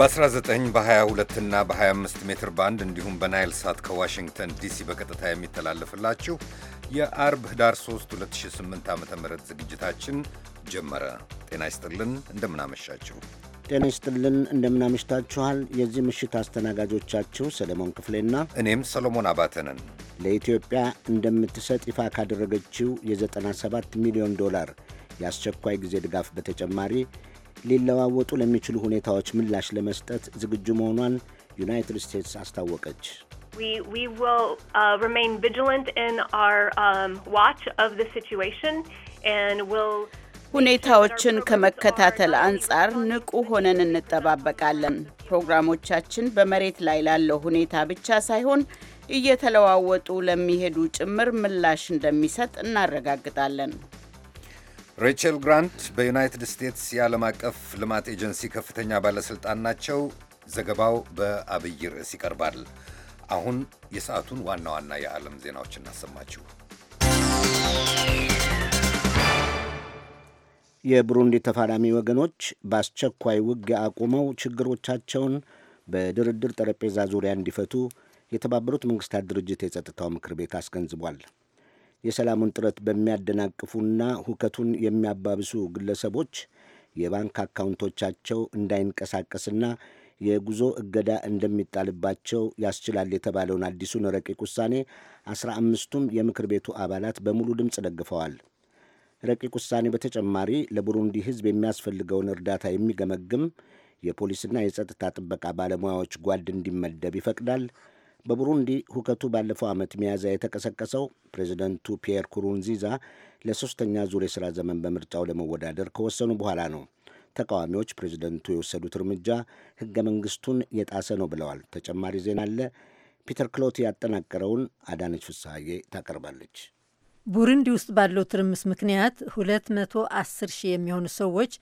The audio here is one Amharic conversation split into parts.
በ19 በ22 እና በ25 ሜትር ባንድ እንዲሁም በናይል ሳት ከዋሽንግተን ዲሲ በቀጥታ የሚተላለፍላችሁ የአርብ ህዳር 3 2008 ዓ ም ዝግጅታችን ጀመረ። ጤና ይስጥልን፣ እንደምናመሻችሁ። ጤና ይስጥልን፣ እንደምናመሽታችኋል። የዚህ ምሽት አስተናጋጆቻችሁ ሰለሞን ክፍሌና እኔም ሰሎሞን አባተ ነን። ለኢትዮጵያ እንደምትሰጥ ይፋ ካደረገችው የ97 ሚሊዮን ዶላር የአስቸኳይ ጊዜ ድጋፍ በተጨማሪ ሊለዋወጡ ለሚችሉ ሁኔታዎች ምላሽ ለመስጠት ዝግጁ መሆኗን ዩናይትድ ስቴትስ አስታወቀች። uh, um, ሁኔታዎችን ከመከታተል አንጻር ንቁ ሆነን እንጠባበቃለን። ፕሮግራሞቻችን በመሬት ላይ ላለው ሁኔታ ብቻ ሳይሆን እየተለዋወጡ ለሚሄዱ ጭምር ምላሽ እንደሚሰጥ እናረጋግጣለን። ሬቸል ግራንት በዩናይትድ ስቴትስ የዓለም አቀፍ ልማት ኤጀንሲ ከፍተኛ ባለሥልጣን ናቸው። ዘገባው በአብይ ርዕስ ይቀርባል። አሁን የሰዓቱን ዋና ዋና የዓለም ዜናዎች እናሰማችሁ። የብሩንዲ ተፋላሚ ወገኖች በአስቸኳይ ውጊያ አቁመው ችግሮቻቸውን በድርድር ጠረጴዛ ዙሪያ እንዲፈቱ የተባበሩት መንግስታት ድርጅት የጸጥታው ምክር ቤት አስገንዝቧል። የሰላሙን ጥረት በሚያደናቅፉና ሁከቱን የሚያባብሱ ግለሰቦች የባንክ አካውንቶቻቸው እንዳይንቀሳቀስና የጉዞ እገዳ እንደሚጣልባቸው ያስችላል የተባለውን አዲሱን ረቂቅ ውሳኔ አስራ አምስቱም የምክር ቤቱ አባላት በሙሉ ድምፅ ደግፈዋል። ረቂቅ ውሳኔ በተጨማሪ ለቡሩንዲ ሕዝብ የሚያስፈልገውን እርዳታ የሚገመግም የፖሊስና የጸጥታ ጥበቃ ባለሙያዎች ጓድ እንዲመደብ ይፈቅዳል። በቡሩንዲ ሁከቱ ባለፈው ዓመት ሚያዝያ የተቀሰቀሰው ፕሬዚደንቱ ፒየር ኩሩንዚዛ ለሶስተኛ ዙር የሥራ ዘመን በምርጫው ለመወዳደር ከወሰኑ በኋላ ነው። ተቃዋሚዎች ፕሬዚደንቱ የወሰዱት እርምጃ ሕገ መንግሥቱን የጣሰ ነው ብለዋል። ተጨማሪ ዜና አለ። ፒተር ክሎት ያጠናቀረውን አዳነች ፍሳሐዬ ታቀርባለች። ቡሩንዲ ውስጥ ባለው ትርምስ ምክንያት 210 ሺህ የሚሆኑ ሰዎች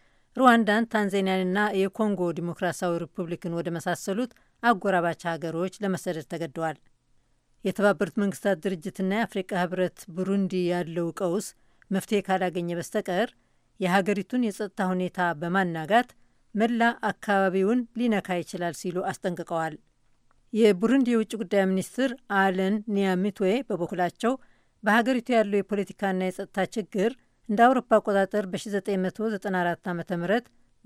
ሩዋንዳን፣ ታንዛኒያንና የኮንጎ ዲሞክራሲያዊ ሪፑብሊክን ወደ መሳሰሉት አጎራባች ሀገሮች ለመሰደድ ተገደዋል። የተባበሩት መንግስታት ድርጅትና የአፍሪቃ ህብረት ቡሩንዲ ያለው ቀውስ መፍትሄ ካላገኘ በስተቀር የሀገሪቱን የጸጥታ ሁኔታ በማናጋት መላ አካባቢውን ሊነካ ይችላል ሲሉ አስጠንቅቀዋል። የቡሩንዲ የውጭ ጉዳይ ሚኒስትር አለን ኒያሚትዌ በበኩላቸው በሀገሪቱ ያለው የፖለቲካና የጸጥታ ችግር እንደ አውሮፓ አቆጣጠር በ1994 ዓ ም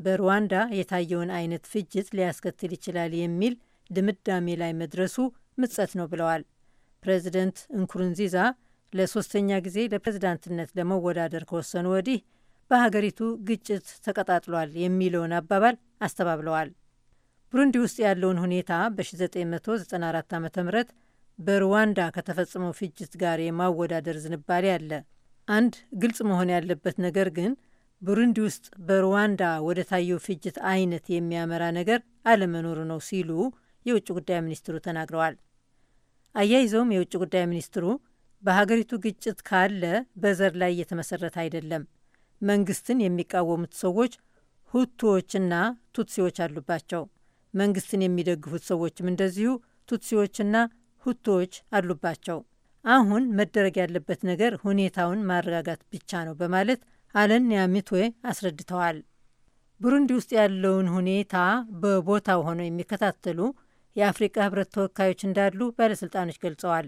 በሩዋንዳ የታየውን አይነት ፍጅት ሊያስከትል ይችላል የሚል ድምዳሜ ላይ መድረሱ ምጸት ነው ብለዋል። ፕሬዚደንት እንኩሩንዚዛ ለሶስተኛ ጊዜ ለፕሬዝዳንትነት ለመወዳደር ከወሰኑ ወዲህ በሀገሪቱ ግጭት ተቀጣጥሏል የሚለውን አባባል አስተባብለዋል። ብሩንዲ ውስጥ ያለውን ሁኔታ በ1994 ዓ ም በሩዋንዳ ከተፈጸመው ፍጅት ጋር የማወዳደር ዝንባሌ አለ። አንድ ግልጽ መሆን ያለበት ነገር ግን ብሩንዲ ውስጥ በሩዋንዳ ወደ ታየው ፍጅት አይነት የሚያመራ ነገር አለመኖሩ ነው ሲሉ የውጭ ጉዳይ ሚኒስትሩ ተናግረዋል። አያይዘውም የውጭ ጉዳይ ሚኒስትሩ በሀገሪቱ ግጭት ካለ በዘር ላይ የተመሰረተ አይደለም፣ መንግስትን የሚቃወሙት ሰዎች ሁቱዎችና ቱትሲዎች አሉባቸው፣ መንግስትን የሚደግፉት ሰዎችም እንደዚሁ ቱትሲዎችና ሁቱዎች አሉባቸው። አሁን መደረግ ያለበት ነገር ሁኔታውን ማረጋጋት ብቻ ነው በማለት አለን ኒያሚትዌ አስረድተዋል። ብሩንዲ ውስጥ ያለውን ሁኔታ በቦታው ሆነው የሚከታተሉ የአፍሪቃ ህብረት ተወካዮች እንዳሉ ባለሥልጣኖች ገልጸዋል።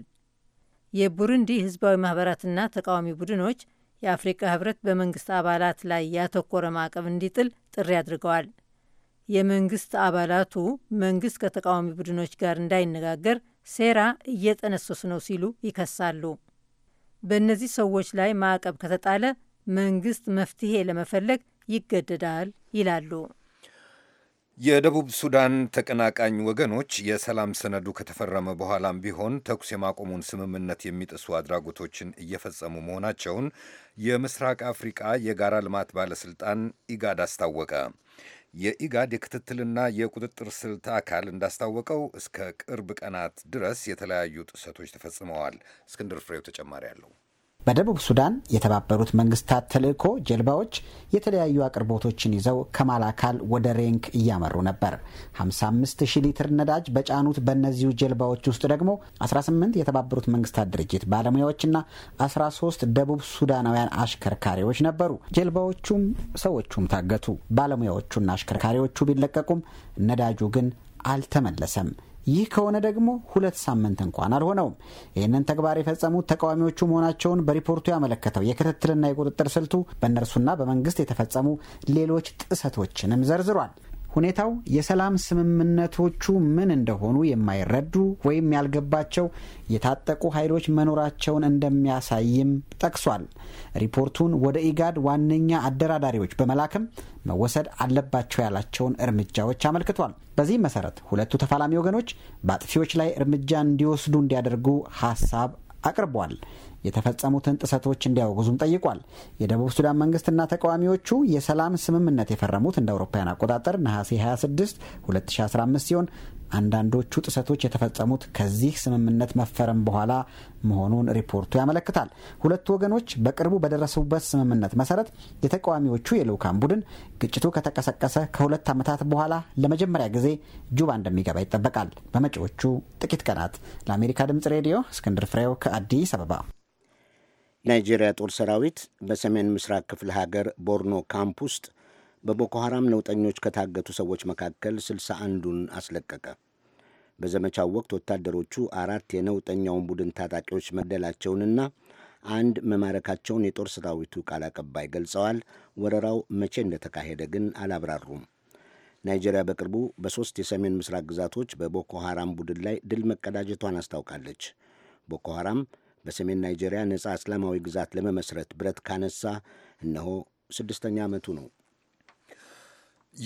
የቡሩንዲ ህዝባዊ ማኅበራትና ተቃዋሚ ቡድኖች የአፍሪቃ ህብረት በመንግሥት አባላት ላይ ያተኮረ ማዕቀብ እንዲጥል ጥሪ አድርገዋል። የመንግሥት አባላቱ መንግሥት ከተቃዋሚ ቡድኖች ጋር እንዳይነጋገር ሴራ እየጠነሰሱ ነው ሲሉ ይከሳሉ። በእነዚህ ሰዎች ላይ ማዕቀብ ከተጣለ መንግስት መፍትሄ ለመፈለግ ይገደዳል ይላሉ። የደቡብ ሱዳን ተቀናቃኝ ወገኖች የሰላም ሰነዱ ከተፈረመ በኋላም ቢሆን ተኩስ የማቆሙን ስምምነት የሚጥሱ አድራጎቶችን እየፈጸሙ መሆናቸውን የምስራቅ አፍሪቃ የጋራ ልማት ባለስልጣን ኢጋድ አስታወቀ። የኢጋድ የክትትልና የቁጥጥር ስልት አካል እንዳስታወቀው እስከ ቅርብ ቀናት ድረስ የተለያዩ ጥሰቶች ተፈጽመዋል። እስክንድር ፍሬው ተጨማሪ አለው። በደቡብ ሱዳን የተባበሩት መንግስታት ተልእኮ ጀልባዎች የተለያዩ አቅርቦቶችን ይዘው ከማላካል ወደ ሬንክ እያመሩ ነበር። 55000 ሊትር ነዳጅ በጫኑት በእነዚሁ ጀልባዎች ውስጥ ደግሞ 18 የተባበሩት መንግስታት ድርጅት ባለሙያዎችና 13 ደቡብ ሱዳናውያን አሽከርካሪዎች ነበሩ። ጀልባዎቹም ሰዎቹም ታገቱ። ባለሙያዎቹና አሽከርካሪዎቹ ቢለቀቁም ነዳጁ ግን አልተመለሰም። ይህ ከሆነ ደግሞ ሁለት ሳምንት እንኳን አልሆነውም። ይህንን ተግባር የፈጸሙት ተቃዋሚዎቹ መሆናቸውን በሪፖርቱ ያመለከተው የክትትልና የቁጥጥር ስልቱ በእነርሱና በመንግስት የተፈጸሙ ሌሎች ጥሰቶችንም ዘርዝሯል። ሁኔታው የሰላም ስምምነቶቹ ምን እንደሆኑ የማይረዱ ወይም ያልገባቸው የታጠቁ ኃይሎች መኖራቸውን እንደሚያሳይም ጠቅሷል። ሪፖርቱን ወደ ኢጋድ ዋነኛ አደራዳሪዎች በመላክም መወሰድ አለባቸው ያላቸውን እርምጃዎች አመልክቷል። በዚህ መሰረት ሁለቱ ተፋላሚ ወገኖች በአጥፊዎች ላይ እርምጃ እንዲወስዱ እንዲያደርጉ ሀሳብ አቅርቧል። የተፈጸሙትን ጥሰቶች እንዲያወግዙም ጠይቋል። የደቡብ ሱዳን መንግስትና ተቃዋሚዎቹ የሰላም ስምምነት የፈረሙት እንደ አውሮፓውያን አቆጣጠር ነሐሴ 26 2015 ሲሆን አንዳንዶቹ ጥሰቶች የተፈጸሙት ከዚህ ስምምነት መፈረም በኋላ መሆኑን ሪፖርቱ ያመለክታል። ሁለቱ ወገኖች በቅርቡ በደረሱበት ስምምነት መሰረት የተቃዋሚዎቹ የልዑካን ቡድን ግጭቱ ከተቀሰቀሰ ከሁለት ዓመታት በኋላ ለመጀመሪያ ጊዜ ጁባ እንደሚገባ ይጠበቃል። በመጪዎቹ ጥቂት ቀናት። ለአሜሪካ ድምጽ ሬዲዮ እስክንድር ፍሬው ከአዲስ አበባ ናይጄሪያ ጦር ሰራዊት በሰሜን ምስራቅ ክፍለ ሀገር ቦርኖ ካምፕ ውስጥ በቦኮ ሐራም ነውጠኞች ከታገቱ ሰዎች መካከል ስልሳ አንዱን አስለቀቀ። በዘመቻው ወቅት ወታደሮቹ አራት የነውጠኛውን ቡድን ታጣቂዎች መግደላቸውንና አንድ መማረካቸውን የጦር ሰራዊቱ ቃል አቀባይ ገልጸዋል። ወረራው መቼ እንደተካሄደ ግን አላብራሩም። ናይጄሪያ በቅርቡ በሦስት የሰሜን ምስራቅ ግዛቶች በቦኮ ሐራም ቡድን ላይ ድል መቀዳጀቷን አስታውቃለች። ቦኮ ሐራም በሰሜን ናይጄሪያ ነጻ እስላማዊ ግዛት ለመመስረት ብረት ካነሳ እነሆ ስድስተኛ ዓመቱ ነው።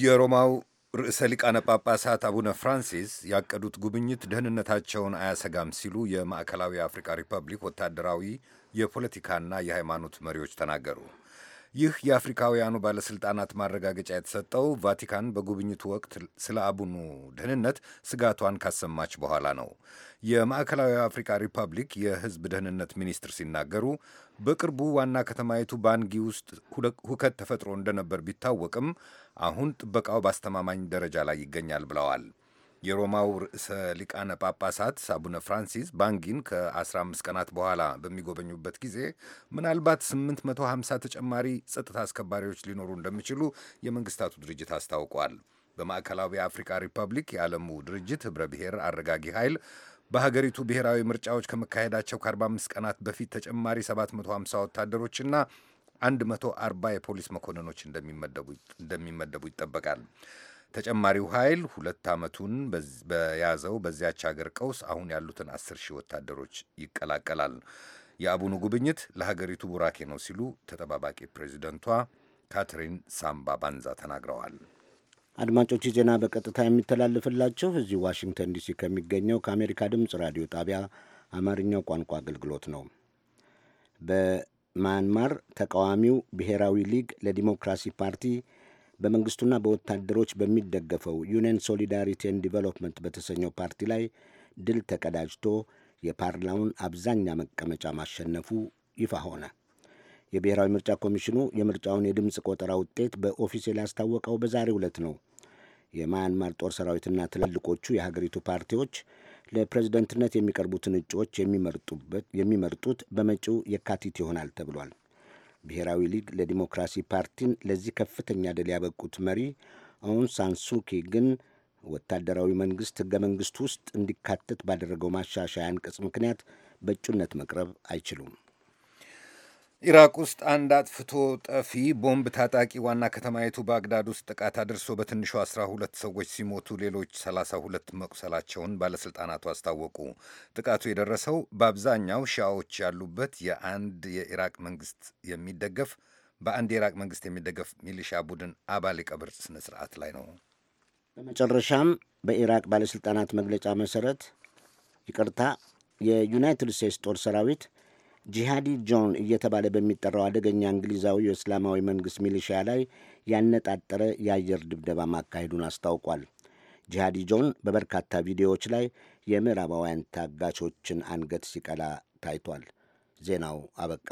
የሮማው ርዕሰ ሊቃነ ጳጳሳት አቡነ ፍራንሲስ ያቀዱት ጉብኝት ደህንነታቸውን አያሰጋም ሲሉ የማዕከላዊ አፍሪካ ሪፐብሊክ ወታደራዊ የፖለቲካና የሃይማኖት መሪዎች ተናገሩ። ይህ የአፍሪካውያኑ ባለሥልጣናት ማረጋገጫ የተሰጠው ቫቲካን በጉብኝቱ ወቅት ስለ አቡኑ ደህንነት ስጋቷን ካሰማች በኋላ ነው። የማዕከላዊ አፍሪካ ሪፐብሊክ የሕዝብ ደህንነት ሚኒስትር ሲናገሩ በቅርቡ ዋና ከተማይቱ ባንጊ ውስጥ ሁከት ተፈጥሮ እንደነበር ቢታወቅም አሁን ጥበቃው በአስተማማኝ ደረጃ ላይ ይገኛል ብለዋል። የሮማው ርዕሰ ሊቃነ ጳጳሳት አቡነ ፍራንሲስ ባንጊን ከ15 ቀናት በኋላ በሚጎበኙበት ጊዜ ምናልባት 850 ተጨማሪ ጸጥታ አስከባሪዎች ሊኖሩ እንደሚችሉ የመንግስታቱ ድርጅት አስታውቋል። በማዕከላዊ አፍሪካ ሪፐብሊክ የዓለሙ ድርጅት ኅብረ ብሔር አረጋጊ ኃይል በሀገሪቱ ብሔራዊ ምርጫዎች ከመካሄዳቸው ከ45 ቀናት በፊት ተጨማሪ 750 ወታደሮችና 140 የፖሊስ መኮንኖች እንደሚመደቡ ይጠበቃል። ተጨማሪው ኃይል ሁለት ዓመቱን በያዘው በዚያች ሀገር ቀውስ አሁን ያሉትን አስር ሺህ ወታደሮች ይቀላቀላል። የአቡኑ ጉብኝት ለሀገሪቱ ቡራኬ ነው ሲሉ ተጠባባቂ ፕሬዚደንቷ ካትሪን ሳምባ ባንዛ ተናግረዋል። አድማጮች ዜና በቀጥታ የሚተላልፍላችሁ እዚህ ዋሽንግተን ዲሲ ከሚገኘው ከአሜሪካ ድምፅ ራዲዮ ጣቢያ አማርኛው ቋንቋ አገልግሎት ነው። በማያንማር ተቃዋሚው ብሔራዊ ሊግ ለዲሞክራሲ ፓርቲ በመንግስቱና በወታደሮች በሚደገፈው ዩኒየን ሶሊዳሪቲን ዲቨሎፕመንት በተሰኘው ፓርቲ ላይ ድል ተቀዳጅቶ የፓርላውን አብዛኛ መቀመጫ ማሸነፉ ይፋ ሆነ። የብሔራዊ ምርጫ ኮሚሽኑ የምርጫውን የድምፅ ቆጠራ ውጤት በኦፊሴል ያስታወቀው በዛሬ ዕለት ነው። የማያንማር ጦር ሰራዊትና ትላልቆቹ የሀገሪቱ ፓርቲዎች ለፕሬዝደንትነት የሚቀርቡትን እጩዎች የሚመርጡት በመጪው የካቲት ይሆናል ተብሏል። ብሔራዊ ሊግ ለዲሞክራሲ ፓርቲን ለዚህ ከፍተኛ ድል ያበቁት መሪ አውን ሳንሱኪ ግን ወታደራዊ መንግስት ህገ መንግስት ውስጥ እንዲካተት ባደረገው ማሻሻያ አንቀጽ ምክንያት በእጩነት መቅረብ አይችሉም። ኢራቅ ውስጥ አንድ አጥፍቶ ጠፊ ቦምብ ታጣቂ ዋና ከተማይቱ ባግዳድ ውስጥ ጥቃት አድርሶ በትንሹ 12 ሰዎች ሲሞቱ ሌሎች 32 መቁሰላቸውን ባለሥልጣናቱ አስታወቁ። ጥቃቱ የደረሰው በአብዛኛው ሺያዎች ያሉበት የአንድ የኢራቅ መንግስት የሚደገፍ በአንድ የኢራቅ መንግስት የሚደገፍ ሚሊሻ ቡድን አባል የቀብር ስነ ስርዓት ላይ ነው። በመጨረሻም በኢራቅ ባለሥልጣናት መግለጫ መሠረት ይቅርታ የዩናይትድ ስቴትስ ጦር ሰራዊት ጂሃዲ ጆን እየተባለ በሚጠራው አደገኛ እንግሊዛዊ የእስላማዊ መንግሥት ሚሊሺያ ላይ ያነጣጠረ የአየር ድብደባ ማካሄዱን አስታውቋል። ጂሃዲ ጆን በበርካታ ቪዲዮዎች ላይ የምዕራባውያን ታጋቾችን አንገት ሲቀላ ታይቷል። ዜናው አበቃ።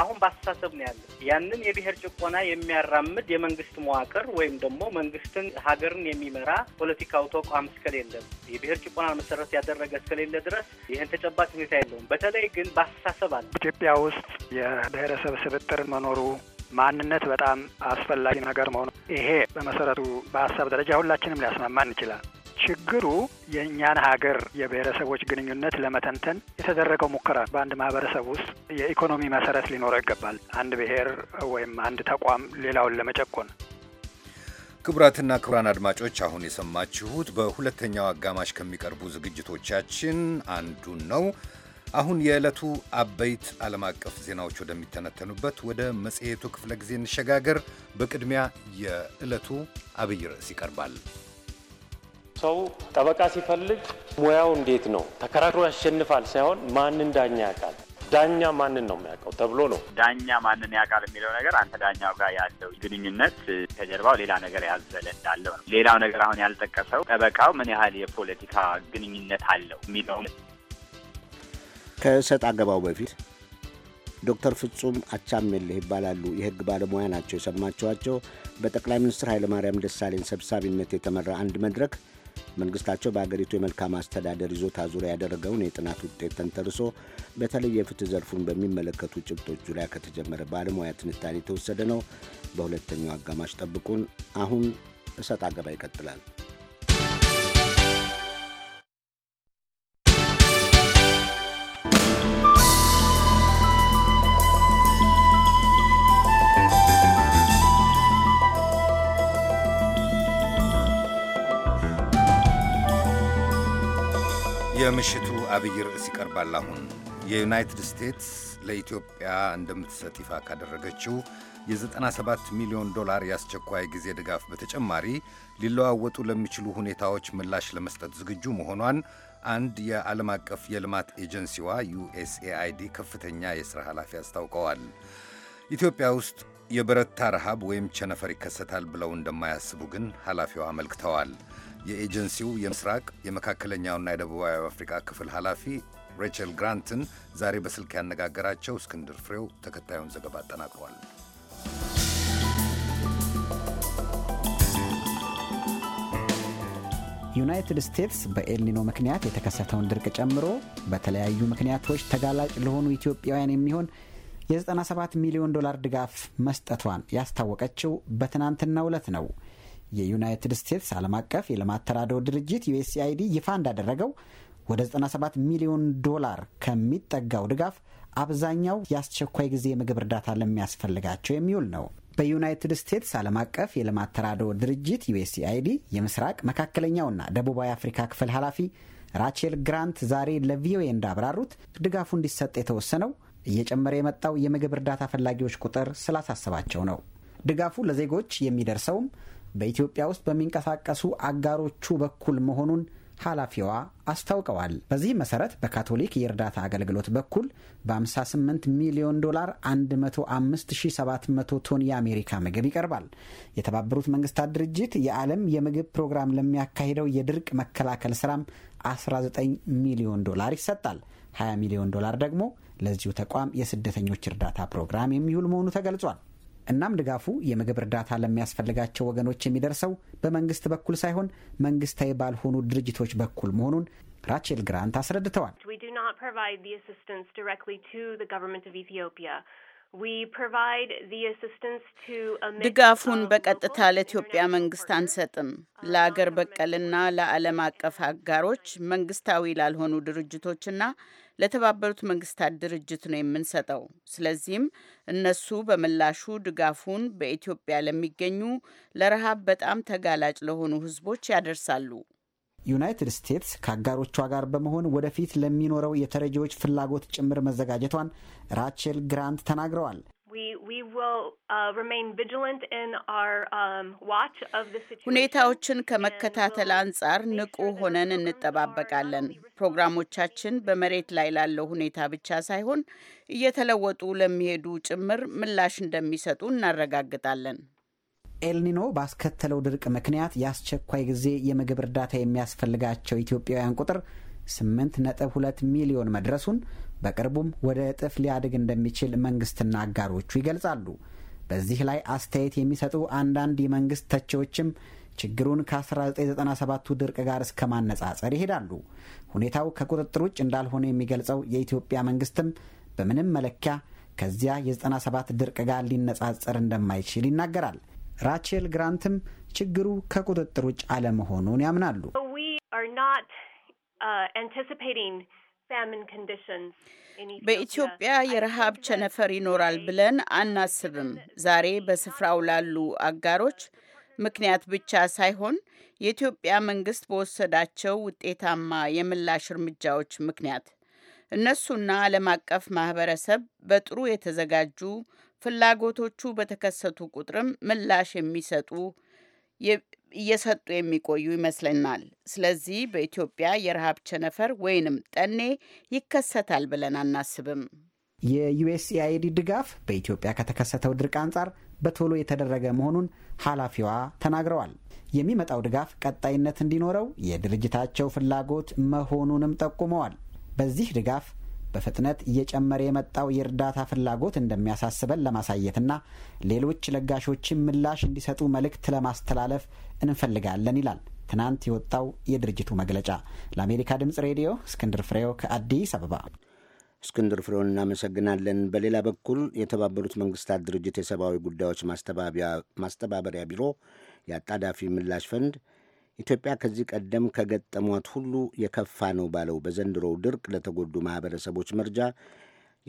አሁን በአስተሳሰብ ነው ያለ። ያንን የብሔር ጭቆና የሚያራምድ የመንግስት መዋቅር ወይም ደግሞ መንግስትን ሀገርን የሚመራ ፖለቲካው ተቋም እስከሌለ የብሔር ጭቆና መሰረት ያደረገ እስከሌለ ድረስ ይህን ተጨባጭ ሁኔታ የለውም። በተለይ ግን በአስተሳሰብ አለ። ኢትዮጵያ ውስጥ የብሔረሰብ ስብጥር መኖሩ ማንነት በጣም አስፈላጊ ነገር መሆኑ ይሄ በመሰረቱ በሀሳብ ደረጃ ሁላችንም ሊያስማማን ይችላል። ችግሩ የእኛን ሀገር የብሔረሰቦች ግንኙነት ለመተንተን የተደረገው ሙከራ በአንድ ማህበረሰብ ውስጥ የኢኮኖሚ መሰረት ሊኖረው ይገባል። አንድ ብሔር ወይም አንድ ተቋም ሌላውን ለመጨቆን። ክቡራትና ክቡራን አድማጮች አሁን የሰማችሁት በሁለተኛው አጋማሽ ከሚቀርቡ ዝግጅቶቻችን አንዱን ነው። አሁን የዕለቱ አበይት ዓለም አቀፍ ዜናዎች ወደሚተነተኑበት ወደ መጽሔቱ ክፍለ ጊዜ እንሸጋገር። በቅድሚያ የዕለቱ አብይ ርዕስ ይቀርባል። ሰው ጠበቃ ሲፈልግ ሙያው እንዴት ነው ተከራክሮ ያሸንፋል ሳይሆን ማንን ዳኛ ያውቃል፣ ዳኛ ማንን ነው የሚያውቀው ተብሎ ነው። ዳኛ ማንን ያውቃል የሚለው ነገር አንተ ዳኛው ጋር ያለው ግንኙነት ከጀርባው ሌላ ነገር ያዘለ እንዳለው ነው። ሌላው ነገር አሁን ያልጠቀሰው ጠበቃው ምን ያህል የፖለቲካ ግንኙነት አለው የሚለው ከእሰጥ አገባው በፊት ዶክተር ፍጹም አቻሜልህ ይባላሉ። የህግ ባለሙያ ናቸው። የሰማችኋቸው በጠቅላይ ሚኒስትር ኃይለማርያም ደሳለኝ ሰብሳቢነት የተመራ አንድ መድረክ መንግስታቸው በአገሪቱ የመልካም አስተዳደር ይዞታ ዙሪያ ያደረገውን የጥናት ውጤት ተንተርሶ በተለይ የፍትህ ዘርፉን በሚመለከቱ ጭብጦች ዙሪያ ከተጀመረ ባለሙያ ትንታኔ የተወሰደ ነው። በሁለተኛው አጋማሽ ጠብቁን። አሁን እሰጥ አገባ ይቀጥላል። የምሽቱ አብይ ርዕስ ይቀርባል። አሁን የዩናይትድ ስቴትስ ለኢትዮጵያ እንደምትሰጥ ይፋ ካደረገችው የ97 ሚሊዮን ዶላር የአስቸኳይ ጊዜ ድጋፍ በተጨማሪ ሊለዋወጡ ለሚችሉ ሁኔታዎች ምላሽ ለመስጠት ዝግጁ መሆኗን አንድ የዓለም አቀፍ የልማት ኤጀንሲዋ ዩኤስኤአይዲ ከፍተኛ የሥራ ኃላፊ አስታውቀዋል። ኢትዮጵያ ውስጥ የበረታ ረሃብ ወይም ቸነፈር ይከሰታል ብለው እንደማያስቡ ግን ኃላፊዋ አመልክተዋል። የኤጀንሲው የምስራቅ የመካከለኛውና የደቡባዊ አፍሪካ ክፍል ኃላፊ ሬቸል ግራንትን ዛሬ በስልክ ያነጋገራቸው እስክንድር ፍሬው ተከታዩን ዘገባ አጠናቅሯል። ዩናይትድ ስቴትስ በኤልኒኖ ምክንያት የተከሰተውን ድርቅ ጨምሮ በተለያዩ ምክንያቶች ተጋላጭ ለሆኑ ኢትዮጵያውያን የሚሆን የ97 ሚሊዮን ዶላር ድጋፍ መስጠቷን ያስታወቀችው በትናንትናው ዕለት ነው። የዩናይትድ ስቴትስ ዓለም አቀፍ የልማት ተራድኦ ድርጅት ዩኤስኤአይዲ ይፋ እንዳደረገው ወደ 97 ሚሊዮን ዶላር ከሚጠጋው ድጋፍ አብዛኛው የአስቸኳይ ጊዜ የምግብ እርዳታ ለሚያስፈልጋቸው የሚውል ነው። በዩናይትድ ስቴትስ ዓለም አቀፍ የልማት ተራድኦ ድርጅት ዩኤስኤአይዲ የምስራቅ መካከለኛውና ደቡባዊ አፍሪካ ክፍል ኃላፊ ራቼል ግራንት ዛሬ ለቪኦኤ እንዳብራሩት ድጋፉ እንዲሰጥ የተወሰነው እየጨመረ የመጣው የምግብ እርዳታ ፈላጊዎች ቁጥር ስላሳሰባቸው ነው። ድጋፉ ለዜጎች የሚደርሰውም በኢትዮጵያ ውስጥ በሚንቀሳቀሱ አጋሮቹ በኩል መሆኑን ኃላፊዋ አስታውቀዋል። በዚህ መሰረት በካቶሊክ የእርዳታ አገልግሎት በኩል በ58 ሚሊዮን ዶላር 15700 ቶን የአሜሪካ ምግብ ይቀርባል። የተባበሩት መንግስታት ድርጅት የዓለም የምግብ ፕሮግራም ለሚያካሂደው የድርቅ መከላከል ስራም 19 ሚሊዮን ዶላር ይሰጣል። 20 ሚሊዮን ዶላር ደግሞ ለዚሁ ተቋም የስደተኞች እርዳታ ፕሮግራም የሚውል መሆኑ ተገልጿል። እናም ድጋፉ የምግብ እርዳታ ለሚያስፈልጋቸው ወገኖች የሚደርሰው በመንግስት በኩል ሳይሆን መንግስታዊ ባልሆኑ ድርጅቶች በኩል መሆኑን ራቼል ግራንት አስረድተዋል። ድጋፉን በቀጥታ ለኢትዮጵያ መንግስት አንሰጥም። ለአገር በቀልና ለዓለም አቀፍ አጋሮች፣ መንግስታዊ ላልሆኑ ድርጅቶችና ለተባበሩት መንግስታት ድርጅት ነው የምንሰጠው። ስለዚህም እነሱ በምላሹ ድጋፉን በኢትዮጵያ ለሚገኙ ለረሃብ በጣም ተጋላጭ ለሆኑ ህዝቦች ያደርሳሉ። ዩናይትድ ስቴትስ ከአጋሮቿ ጋር በመሆን ወደፊት ለሚኖረው የተረጂዎች ፍላጎት ጭምር መዘጋጀቷን ራቸል ግራንት ተናግረዋል። Uh, um, ሁኔታዎችን ከመከታተል አንጻር ንቁ ሆነን እንጠባበቃለን። ፕሮግራሞቻችን በመሬት ላይ ላለው ሁኔታ ብቻ ሳይሆን እየተለወጡ ለሚሄዱ ጭምር ምላሽ እንደሚሰጡ እናረጋግጣለን። ኤልኒኖ ባስከተለው ድርቅ ምክንያት የአስቸኳይ ጊዜ የምግብ እርዳታ የሚያስፈልጋቸው ኢትዮጵያውያን ቁጥር 8.2 ሚሊዮን መድረሱን በቅርቡም ወደ እጥፍ ሊያድግ እንደሚችል መንግስትና አጋሮቹ ይገልጻሉ። በዚህ ላይ አስተያየት የሚሰጡ አንዳንድ የመንግስት ተቺዎችም ችግሩን ከ1997ቱ ድርቅ ጋር እስከ ማነጻጸር ይሄዳሉ። ሁኔታው ከቁጥጥር ውጭ እንዳልሆነ የሚገልጸው የኢትዮጵያ መንግስትም በምንም መለኪያ ከዚያ የ97 ድርቅ ጋር ሊነጻጸር እንደማይችል ይናገራል። ራቼል ግራንትም ችግሩ ከቁጥጥር ውጭ አለመሆኑን ያምናሉ። በኢትዮጵያ የረሃብ ቸነፈር ይኖራል ብለን አናስብም። ዛሬ በስፍራው ላሉ አጋሮች ምክንያት ብቻ ሳይሆን የኢትዮጵያ መንግስት በወሰዳቸው ውጤታማ የምላሽ እርምጃዎች ምክንያት እነሱና ዓለም አቀፍ ማህበረሰብ በጥሩ የተዘጋጁ ፍላጎቶቹ በተከሰቱ ቁጥርም ምላሽ የሚሰጡ እየሰጡ የሚቆዩ ይመስለናል። ስለዚህ በኢትዮጵያ የረሃብ ቸነፈር ወይንም ጠኔ ይከሰታል ብለን አናስብም። የዩኤስኤአይዲ ድጋፍ በኢትዮጵያ ከተከሰተው ድርቅ አንጻር በቶሎ የተደረገ መሆኑን ኃላፊዋ ተናግረዋል። የሚመጣው ድጋፍ ቀጣይነት እንዲኖረው የድርጅታቸው ፍላጎት መሆኑንም ጠቁመዋል። በዚህ ድጋፍ በፍጥነት እየጨመረ የመጣው የእርዳታ ፍላጎት እንደሚያሳስበን ለማሳየትና ሌሎች ለጋሾችን ምላሽ እንዲሰጡ መልእክት ለማስተላለፍ እንፈልጋለን ይላል ትናንት የወጣው የድርጅቱ መግለጫ። ለአሜሪካ ድምፅ ሬዲዮ እስክንድር ፍሬው ከአዲስ አበባ። እስክንድር ፍሬውን እናመሰግናለን። በሌላ በኩል የተባበሩት መንግስታት ድርጅት የሰብአዊ ጉዳዮች ማስተባበሪያ ቢሮ የአጣዳፊ ምላሽ ፈንድ ኢትዮጵያ ከዚህ ቀደም ከገጠሟት ሁሉ የከፋ ነው ባለው በዘንድሮው ድርቅ ለተጎዱ ማኅበረሰቦች መርጃ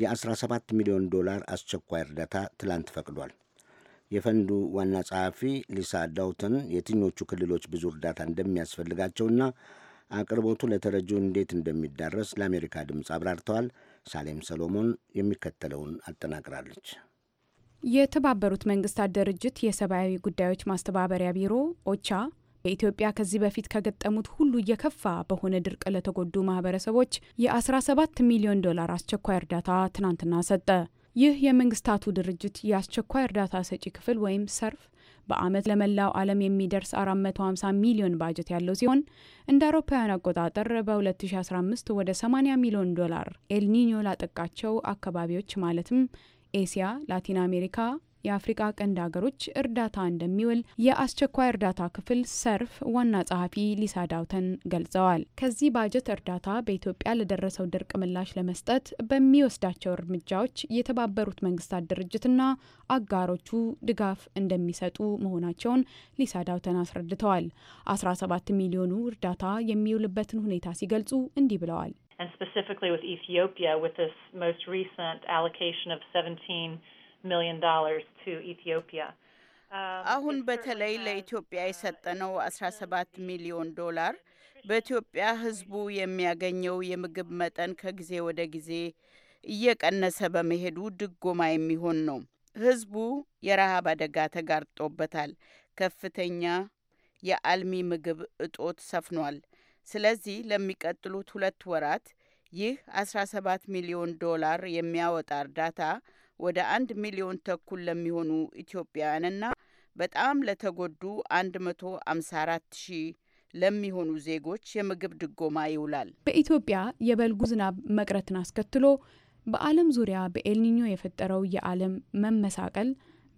የ17 ሚሊዮን ዶላር አስቸኳይ እርዳታ ትላንት ፈቅዷል። የፈንዱ ዋና ጸሐፊ ሊሳ ዳውተን የትኞቹ ክልሎች ብዙ እርዳታ እንደሚያስፈልጋቸውና አቅርቦቱ ለተረጂው እንዴት እንደሚዳረስ ለአሜሪካ ድምፅ አብራርተዋል። ሳሌም ሰሎሞን የሚከተለውን አጠናቅራለች። የተባበሩት መንግስታት ድርጅት የሰብአዊ ጉዳዮች ማስተባበሪያ ቢሮ ኦቻ በኢትዮጵያ ከዚህ በፊት ከገጠሙት ሁሉ እየከፋ በሆነ ድርቅ ለተጎዱ ማህበረሰቦች የ17 ሚሊዮን ዶላር አስቸኳይ እርዳታ ትናንትና ሰጠ። ይህ የመንግስታቱ ድርጅት የአስቸኳይ እርዳታ ሰጪ ክፍል ወይም ሰርፍ በአመት ለመላው ዓለም የሚደርስ 450 ሚሊዮን ባጀት ያለው ሲሆን እንደ አውሮፓውያን አቆጣጠር በ2015 ወደ 80 ሚሊዮን ዶላር ኤልኒኞ ላጠቃቸው አካባቢዎች ማለትም ኤሲያ፣ ላቲን አሜሪካ፣ የአፍሪቃ ቀንድ ሀገሮች እርዳታ እንደሚውል የአስቸኳይ እርዳታ ክፍል ሰርፍ ዋና ጸሐፊ ሊሳ ዳውተን ገልጸዋል። ከዚህ ባጀት እርዳታ በኢትዮጵያ ለደረሰው ድርቅ ምላሽ ለመስጠት በሚወስዳቸው እርምጃዎች የተባበሩት መንግስታት ድርጅትና አጋሮቹ ድጋፍ እንደሚሰጡ መሆናቸውን ሊሳ ዳውተን አስረድተዋል። 17 ሚሊዮኑ እርዳታ የሚውልበትን ሁኔታ ሲገልጹ እንዲህ ብለዋል። And specifically with Ethiopia, with this most recent allocation of 17 million to Ethiopia. Um, አሁን በተለይ ለኢትዮጵያ uh, የሰጠነው 17 ሚሊዮን ዶላር በኢትዮጵያ ሕዝቡ የሚያገኘው የምግብ መጠን ከጊዜ ወደ ጊዜ እየቀነሰ በመሄዱ ድጎማ የሚሆን ነው። ሕዝቡ የረሃብ አደጋ ተጋርጦበታል። ከፍተኛ የአልሚ ምግብ እጦት ሰፍኗል። ስለዚህ ለሚቀጥሉት ሁለት ወራት ይህ 17 ሚሊዮን ዶላር የሚያወጣ እርዳታ ወደ አንድ ሚሊዮን ተኩል ለሚሆኑ ኢትዮጵያውያንና በጣም ለተጎዱ 154 ሺህ ለሚሆኑ ዜጎች የምግብ ድጎማ ይውላል። በኢትዮጵያ የበልጉ ዝናብ መቅረትን አስከትሎ በዓለም ዙሪያ በኤልኒኞ የፈጠረው የዓለም መመሳቀል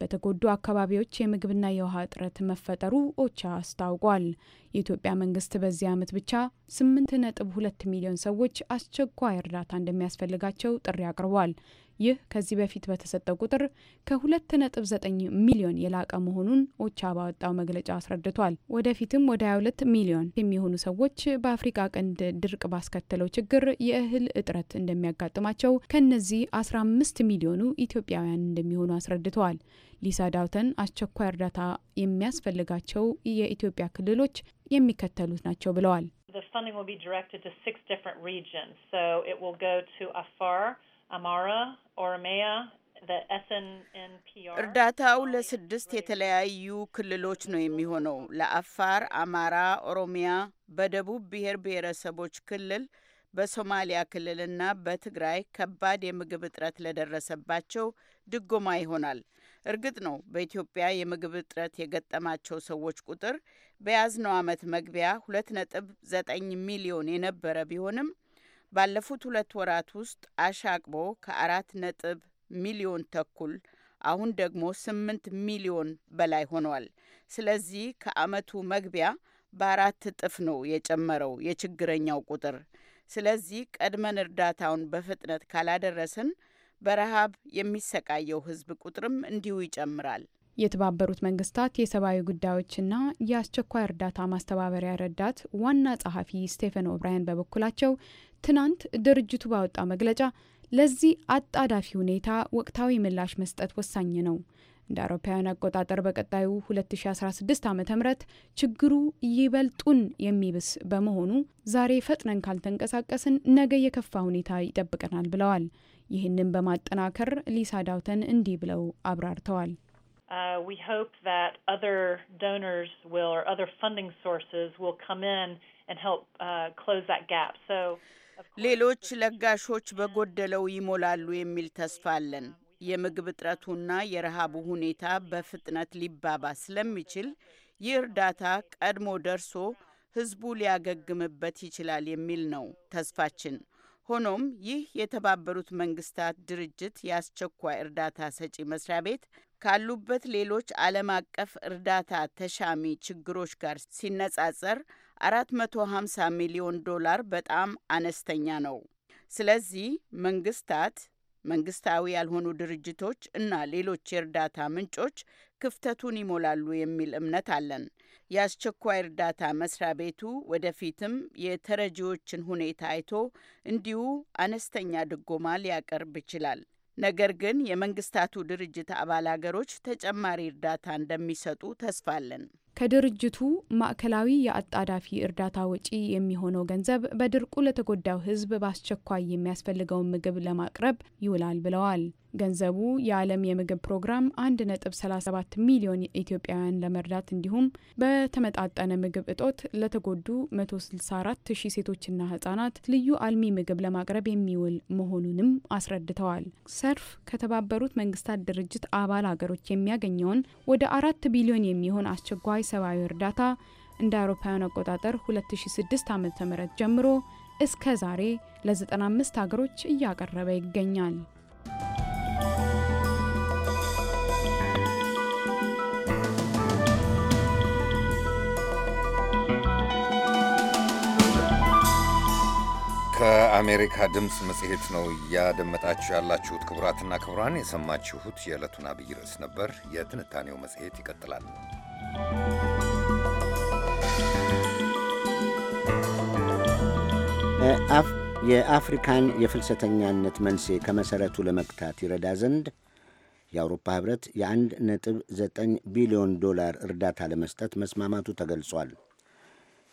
በተጎዱ አካባቢዎች የምግብና የውሃ እጥረት መፈጠሩ ኦቻ አስታውቋል። የኢትዮጵያ መንግስት በዚህ ዓመት ብቻ 8.2 ሚሊዮን ሰዎች አስቸኳይ እርዳታ እንደሚያስፈልጋቸው ጥሪ አቅርቧል። ይህ ከዚህ በፊት በተሰጠው ቁጥር ከ2.9 ሚሊዮን የላቀ መሆኑን ኦቻ ባወጣው መግለጫ አስረድቷል። ወደፊትም ወደ 22 ሚሊዮን የሚሆኑ ሰዎች በአፍሪካ ቀንድ ድርቅ ባስከተለው ችግር የእህል እጥረት እንደሚያጋጥማቸው፣ ከእነዚህ 15 ሚሊዮኑ ኢትዮጵያውያን እንደሚሆኑ አስረድተዋል። ሊሳ ዳውተን አስቸኳይ እርዳታ የሚያስፈልጋቸው የኢትዮጵያ ክልሎች የሚከተሉት ናቸው ብለዋል። አማራ ኦሮሚያ እርዳታው ለስድስት የተለያዩ ክልሎች ነው የሚሆነው። ለአፋር፣ አማራ፣ ኦሮሚያ፣ በደቡብ ብሔር ብሔረሰቦች ክልል፣ በሶማሊያ ክልልና በትግራይ ከባድ የምግብ እጥረት ለደረሰባቸው ድጎማ ይሆናል። እርግጥ ነው በኢትዮጵያ የምግብ እጥረት የገጠማቸው ሰዎች ቁጥር በያዝነው ዓመት መግቢያ ሁለት ነጥብ ዘጠኝ ሚሊዮን የነበረ ቢሆንም ባለፉት ሁለት ወራት ውስጥ አሻቅቦ ከአራት ነጥብ ሚሊዮን ተኩል አሁን ደግሞ ስምንት ሚሊዮን በላይ ሆኗል። ስለዚህ ከዓመቱ መግቢያ በአራት እጥፍ ነው የጨመረው የችግረኛው ቁጥር። ስለዚህ ቀድመን እርዳታውን በፍጥነት ካላደረስን በረሃብ የሚሰቃየው ህዝብ ቁጥርም እንዲሁ ይጨምራል። የተባበሩት መንግስታት የሰብአዊ ጉዳዮችና የአስቸኳይ እርዳታ ማስተባበሪያ ረዳት ዋና ጸሐፊ ስቴፈን ኦብራያን በበኩላቸው ትናንት ድርጅቱ ባወጣ መግለጫ ለዚህ አጣዳፊ ሁኔታ ወቅታዊ ምላሽ መስጠት ወሳኝ ነው። እንደ አውሮፓውያን አቆጣጠር በቀጣዩ 2016 ዓ ም ችግሩ ይበልጡን የሚብስ በመሆኑ ዛሬ ፈጥነን ካልተንቀሳቀስን ነገ የከፋ ሁኔታ ይጠብቀናል ብለዋል። ይህንን በማጠናከር ሊሳ ዳውተን እንዲህ ብለው አብራርተዋል። uh, we hope ሌሎች ለጋሾች በጎደለው mm. ይሞላሉ የሚል ተስፋ አለን። የምግብ እጥረቱና የረሃቡ ሁኔታ በፍጥነት ሊባባ ስለሚችል ይህ እርዳታ ቀድሞ ደርሶ ሕዝቡ ሊያገግምበት ይችላል የሚል ነው ተስፋችን። ሆኖም ይህ የተባበሩት መንግስታት ድርጅት የአስቸኳይ እርዳታ ሰጪ መስሪያ ቤት ካሉበት ሌሎች ዓለም አቀፍ እርዳታ ተሻሚ ችግሮች ጋር ሲነጻጸር 450 ሚሊዮን ዶላር በጣም አነስተኛ ነው። ስለዚህ መንግስታት፣ መንግስታዊ ያልሆኑ ድርጅቶች እና ሌሎች የእርዳታ ምንጮች ክፍተቱን ይሞላሉ የሚል እምነት አለን። የአስቸኳይ እርዳታ መስሪያ ቤቱ ወደፊትም የተረጂዎችን ሁኔታ አይቶ እንዲሁ አነስተኛ ድጎማ ሊያቀርብ ይችላል። ነገር ግን የመንግስታቱ ድርጅት አባል አገሮች ተጨማሪ እርዳታ እንደሚሰጡ ተስፋለን። ከድርጅቱ ማዕከላዊ የአጣዳፊ እርዳታ ወጪ የሚሆነው ገንዘብ በድርቁ ለተጎዳው ሕዝብ በአስቸኳይ የሚያስፈልገውን ምግብ ለማቅረብ ይውላል ብለዋል። ገንዘቡ የዓለም የምግብ ፕሮግራም 1.37 ሚሊዮን ኢትዮጵያውያን ለመርዳት እንዲሁም በተመጣጠነ ምግብ እጦት ለተጎዱ 164 ሺህ ሴቶችና ህጻናት ልዩ አልሚ ምግብ ለማቅረብ የሚውል መሆኑንም አስረድተዋል። ሰርፍ ከተባበሩት መንግስታት ድርጅት አባል ሀገሮች የሚያገኘውን ወደ አራት ቢሊዮን የሚሆን አስቸኳይ ሰብአዊ እርዳታ እንደ አውሮፓውያን አቆጣጠር 2006 ዓ ም ጀምሮ እስከ ዛሬ ለ95 ሀገሮች እያቀረበ ይገኛል። ከአሜሪካ ድምፅ መጽሔት ነው እያደመጣችሁ ያላችሁት። ክቡራትና ክቡራን የሰማችሁት የዕለቱን አብይ ርዕስ ነበር። የትንታኔው መጽሔት ይቀጥላል። አፍ የአፍሪካን የፍልሰተኛነት መንስኤ ከመሠረቱ ለመግታት ይረዳ ዘንድ የአውሮፓ ኅብረት የአንድ ነጥብ ዘጠኝ ቢሊዮን ዶላር እርዳታ ለመስጠት መስማማቱ ተገልጿል።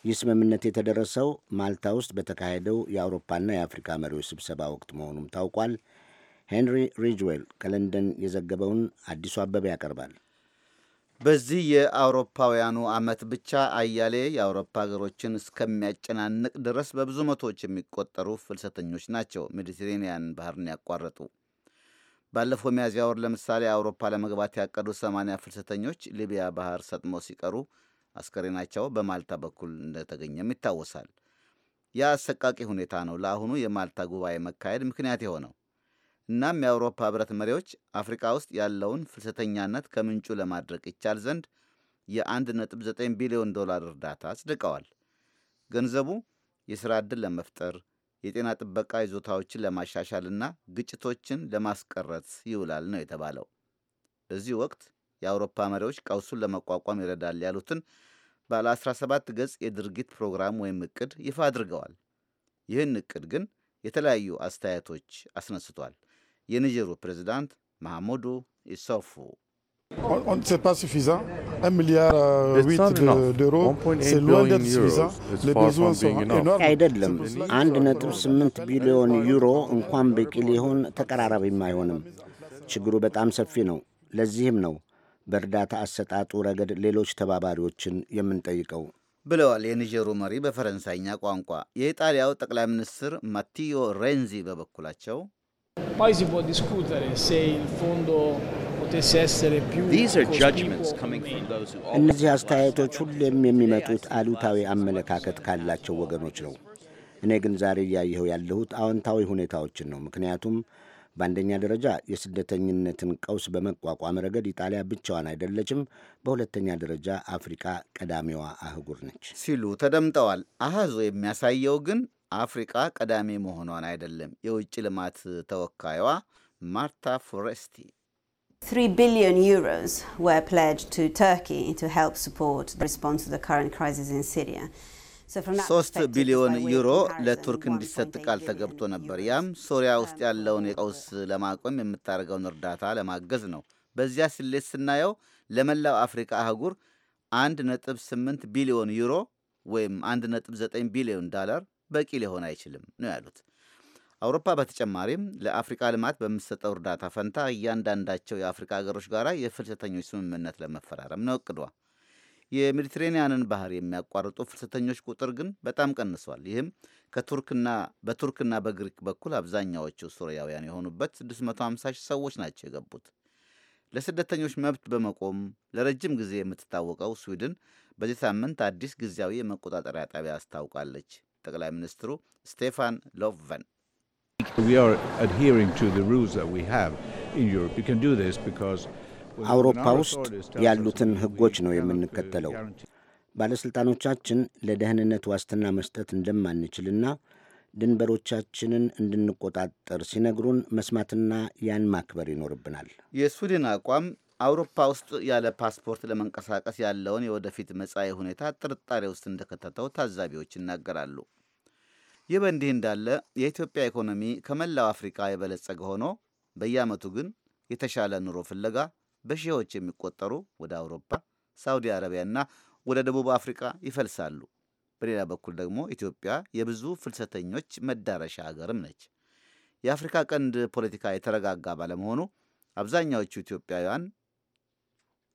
ይህ ስምምነት የተደረሰው ማልታ ውስጥ በተካሄደው የአውሮፓና የአፍሪካ መሪዎች ስብሰባ ወቅት መሆኑም ታውቋል። ሄንሪ ሪጅዌል ከለንደን የዘገበውን አዲሱ አበበ ያቀርባል። በዚህ የአውሮፓውያኑ ዓመት ብቻ አያሌ የአውሮፓ ሀገሮችን እስከሚያጨናንቅ ድረስ በብዙ መቶዎች የሚቆጠሩ ፍልሰተኞች ናቸው ሜዲትሬንያን ባህርን ያቋረጡ። ባለፈው ሚያዝያ ወር ለምሳሌ አውሮፓ ለመግባት ያቀዱ 80 ፍልሰተኞች ሊቢያ ባህር ሰጥመው ሲቀሩ አስከሬናቸው በማልታ በኩል እንደተገኘም ይታወሳል። ያ አሰቃቂ ሁኔታ ነው ለአሁኑ የማልታ ጉባኤ መካሄድ ምክንያት የሆነው። እናም የአውሮፓ ህብረት መሪዎች አፍሪካ ውስጥ ያለውን ፍልሰተኛነት ከምንጩ ለማድረግ ይቻል ዘንድ የ1.9 ቢሊዮን ዶላር እርዳታ አጽድቀዋል። ገንዘቡ የሥራ ዕድል ለመፍጠር የጤና ጥበቃ ይዞታዎችን ለማሻሻልና ግጭቶችን ለማስቀረት ይውላል ነው የተባለው። በዚህ ወቅት የአውሮፓ መሪዎች ቀውሱን ለመቋቋም ይረዳል ያሉትን ባለ 17 ገጽ የድርጊት ፕሮግራም ወይም እቅድ ይፋ አድርገዋል። ይህን እቅድ ግን የተለያዩ አስተያየቶች አስነስቷል። የኒጀሩ ፕሬዚዳንት መሐሙዱ ኢሶፉ አይደለም። አንድ ነጥብ ስምንት ቢሊዮን ዩሮ እንኳን በቂ ሊሆን ተቀራራቢም አይሆንም። ችግሩ በጣም ሰፊ ነው። ለዚህም ነው በእርዳታ አሰጣጡ ረገድ ሌሎች ተባባሪዎችን የምንጠይቀው ብለዋል የኒጀሩ መሪ በፈረንሳይኛ ቋንቋ። የኢጣሊያው ጠቅላይ ሚኒስትር ማቲዮ ሬንዚ በበኩላቸው Poi si può discutere se il fondo potesse essere più እነዚህ አስተያየቶች ሁሌም የሚመጡት አሉታዊ አመለካከት ካላቸው ወገኖች ነው። እኔ ግን ዛሬ እያየኸው ያለሁት አዎንታዊ ሁኔታዎችን ነው። ምክንያቱም በአንደኛ ደረጃ የስደተኝነትን ቀውስ በመቋቋም ረገድ ኢጣሊያ ብቻዋን አይደለችም። በሁለተኛ ደረጃ አፍሪካ ቀዳሚዋ አህጉር ነች ሲሉ ተደምጠዋል። አሃዞ የሚያሳየው ግን አፍሪቃ ቀዳሚ መሆኗን አይደለም። የውጭ ልማት ተወካይዋ ማርታ ፎሬስቲ ሶስት ቢሊዮን ዩሮ ለቱርክ እንዲሰጥ ቃል ተገብቶ ነበር። ያም ሶሪያ ውስጥ ያለውን የቀውስ ለማቆም የምታደርገውን እርዳታ ለማገዝ ነው። በዚያ ስሌት ስናየው ለመላው አፍሪካ አህጉር 1.8 ቢሊዮን ዩሮ ወይም 1.9 ቢሊዮን ዳላር በቂ ሊሆን አይችልም ነው ያሉት። አውሮፓ በተጨማሪም ለአፍሪቃ ልማት በምትሰጠው እርዳታ ፈንታ እያንዳንዳቸው የአፍሪካ ሀገሮች ጋር የፍልሰተኞች ስምምነት ለመፈራረም ነው እቅዷ። የሜዲትሬንያንን ባህር የሚያቋርጡ ፍልሰተኞች ቁጥር ግን በጣም ቀንሷል። ይህም ከቱርክና በቱርክና በግሪክ በኩል አብዛኛዎቹ ሱሪያውያን የሆኑበት 650 ሺህ ሰዎች ናቸው የገቡት። ለስደተኞች መብት በመቆም ለረጅም ጊዜ የምትታወቀው ስዊድን በዚህ ሳምንት አዲስ ጊዜያዊ የመቆጣጠሪያ ጣቢያ አስታውቃለች። ጠቅላይ ሚኒስትሩ ስቴፋን ሎቨን አውሮፓ ውስጥ ያሉትን ሕጎች ነው የምንከተለው። ባለሥልጣኖቻችን ለደህንነት ዋስትና መስጠት እንደማንችልና ድንበሮቻችንን እንድንቆጣጠር ሲነግሩን መስማትና ያን ማክበር ይኖርብናል። የስዊድን አቋም አውሮፓ ውስጥ ያለ ፓስፖርት ለመንቀሳቀስ ያለውን የወደፊት መጻኢ ሁኔታ ጥርጣሬ ውስጥ እንደከተተው ታዛቢዎች ይናገራሉ። ይህ በእንዲህ እንዳለ የኢትዮጵያ ኢኮኖሚ ከመላው አፍሪካ የበለጸገ ሆኖ በየዓመቱ ግን የተሻለ ኑሮ ፍለጋ በሺዎች የሚቆጠሩ ወደ አውሮፓ፣ ሳውዲ አረቢያና ወደ ደቡብ አፍሪካ ይፈልሳሉ። በሌላ በኩል ደግሞ ኢትዮጵያ የብዙ ፍልሰተኞች መዳረሻ ሀገርም ነች። የአፍሪካ ቀንድ ፖለቲካ የተረጋጋ ባለመሆኑ አብዛኛዎቹ ኢትዮጵያውያን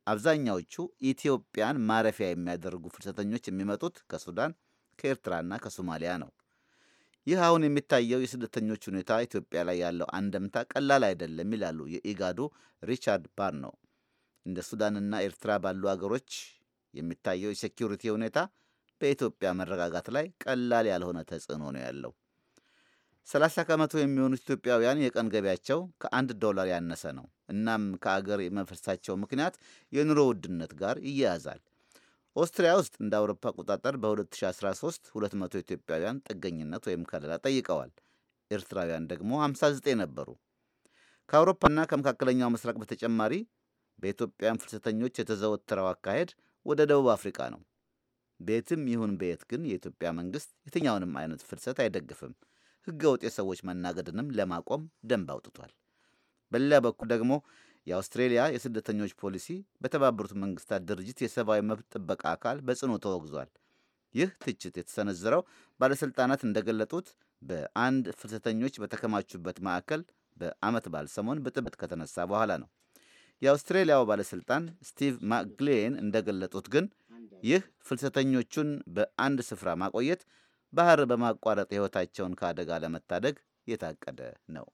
አብዛኛዎቹ ኢትዮጵያን ማረፊያ የሚያደርጉ ፍልሰተኞች የሚመጡት ከሱዳን፣ ከኤርትራና ከሶማሊያ ነው። ይህ አሁን የሚታየው የስደተኞች ሁኔታ ኢትዮጵያ ላይ ያለው አንደምታ ቀላል አይደለም ይላሉ የኢጋዱ ሪቻርድ ባር ነው። እንደ ሱዳንና ኤርትራ ባሉ አገሮች የሚታየው የሴኪሪቲ ሁኔታ በኢትዮጵያ መረጋጋት ላይ ቀላል ያልሆነ ተጽዕኖ ነው ያለው። 30 ከመቶ የሚሆኑት ኢትዮጵያውያን የቀን ገቢያቸው ከአንድ ዶላር ያነሰ ነው። እናም ከአገር የመፈርሳቸው ምክንያት የኑሮ ውድነት ጋር ይያያዛል። ኦስትሪያ ውስጥ እንደ አውሮፓ አቆጣጠር በ2013 200 ኢትዮጵያውያን ጥገኝነት ወይም ከለላ ጠይቀዋል። ኤርትራውያን ደግሞ 59 ነበሩ። ከአውሮፓና ከመካከለኛው ምስራቅ በተጨማሪ በኢትዮጵያን ፍልሰተኞች የተዘወተረው አካሄድ ወደ ደቡብ አፍሪካ ነው። ቤትም ይሁን በየት ግን የኢትዮጵያ መንግሥት የትኛውንም አይነት ፍልሰት አይደግፍም። ህገወጥ የሰዎች መናገድንም ለማቆም ደንብ አውጥቷል። በሌላ በኩል ደግሞ የአውስትሬሊያ የስደተኞች ፖሊሲ በተባበሩት መንግስታት ድርጅት የሰብአዊ መብት ጥበቃ አካል በጽኑ ተወግዟል። ይህ ትችት የተሰነዘረው ባለሥልጣናት እንደገለጡት በአንድ ፍልሰተኞች በተከማቹበት ማዕከል በዓመት በዓል ሰሞን ብጥብጥ ከተነሳ በኋላ ነው። የአውስትሬሊያው ባለሥልጣን ስቲቭ ማክግሌን እንደገለጡት ግን ይህ ፍልሰተኞቹን በአንድ ስፍራ ማቆየት ባህር በማቋረጥ ሕይወታቸውን ከአደጋ ለመታደግ የታቀደ ነው።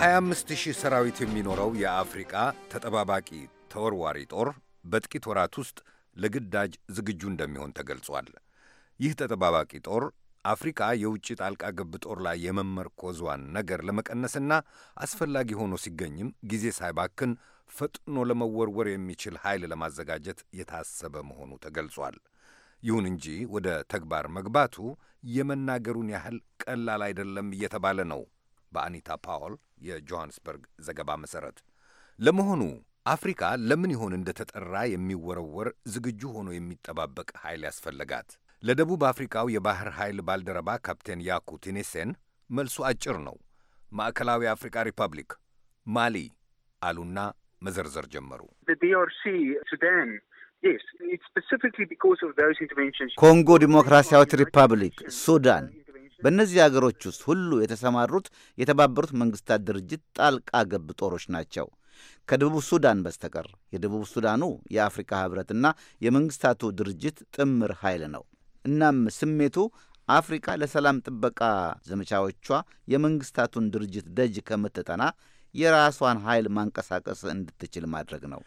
ሀያ አምስት ሺህ ሰራዊት የሚኖረው የአፍሪቃ ተጠባባቂ ተወርዋሪ ጦር በጥቂት ወራት ውስጥ ለግዳጅ ዝግጁ እንደሚሆን ተገልጿል። ይህ ተጠባባቂ ጦር አፍሪካ የውጭ ጣልቃ ገብ ጦር ላይ የመመርኮዟን ነገር ለመቀነስና አስፈላጊ ሆኖ ሲገኝም ጊዜ ሳይባክን ፈጥኖ ለመወርወር የሚችል ኃይል ለማዘጋጀት የታሰበ መሆኑ ተገልጿል። ይሁን እንጂ ወደ ተግባር መግባቱ የመናገሩን ያህል ቀላል አይደለም እየተባለ ነው። በአኒታ ፓውል የጆሃንስበርግ ዘገባ መሠረት ለመሆኑ አፍሪካ ለምን ይሆን እንደተጠራ የሚወረወር ዝግጁ ሆኖ የሚጠባበቅ ኃይል ያስፈለጋት? ለደቡብ አፍሪካው የባህር ኃይል ባልደረባ ካፕቴን ያኩ ቲኒሴን መልሱ አጭር ነው። ማዕከላዊ አፍሪካ ሪፐብሊክ፣ ማሊ አሉና መዘርዘር ጀመሩ። ኮንጎ ዲሞክራሲያዊት ሪፐብሊክ፣ ሱዳን። በእነዚህ አገሮች ውስጥ ሁሉ የተሰማሩት የተባበሩት መንግስታት ድርጅት ጣልቃ ገብ ጦሮች ናቸው ከደቡብ ሱዳን በስተቀር። የደቡብ ሱዳኑ የአፍሪካ ህብረትና የመንግስታቱ ድርጅት ጥምር ኃይል ነው። እናም ስሜቱ አፍሪካ ለሰላም ጥበቃ ዘመቻዎቿ የመንግስታቱን ድርጅት ደጅ ከምትጠና የራሷን ኃይል ማንቀሳቀስ እንድትችል ማድረግ ነው።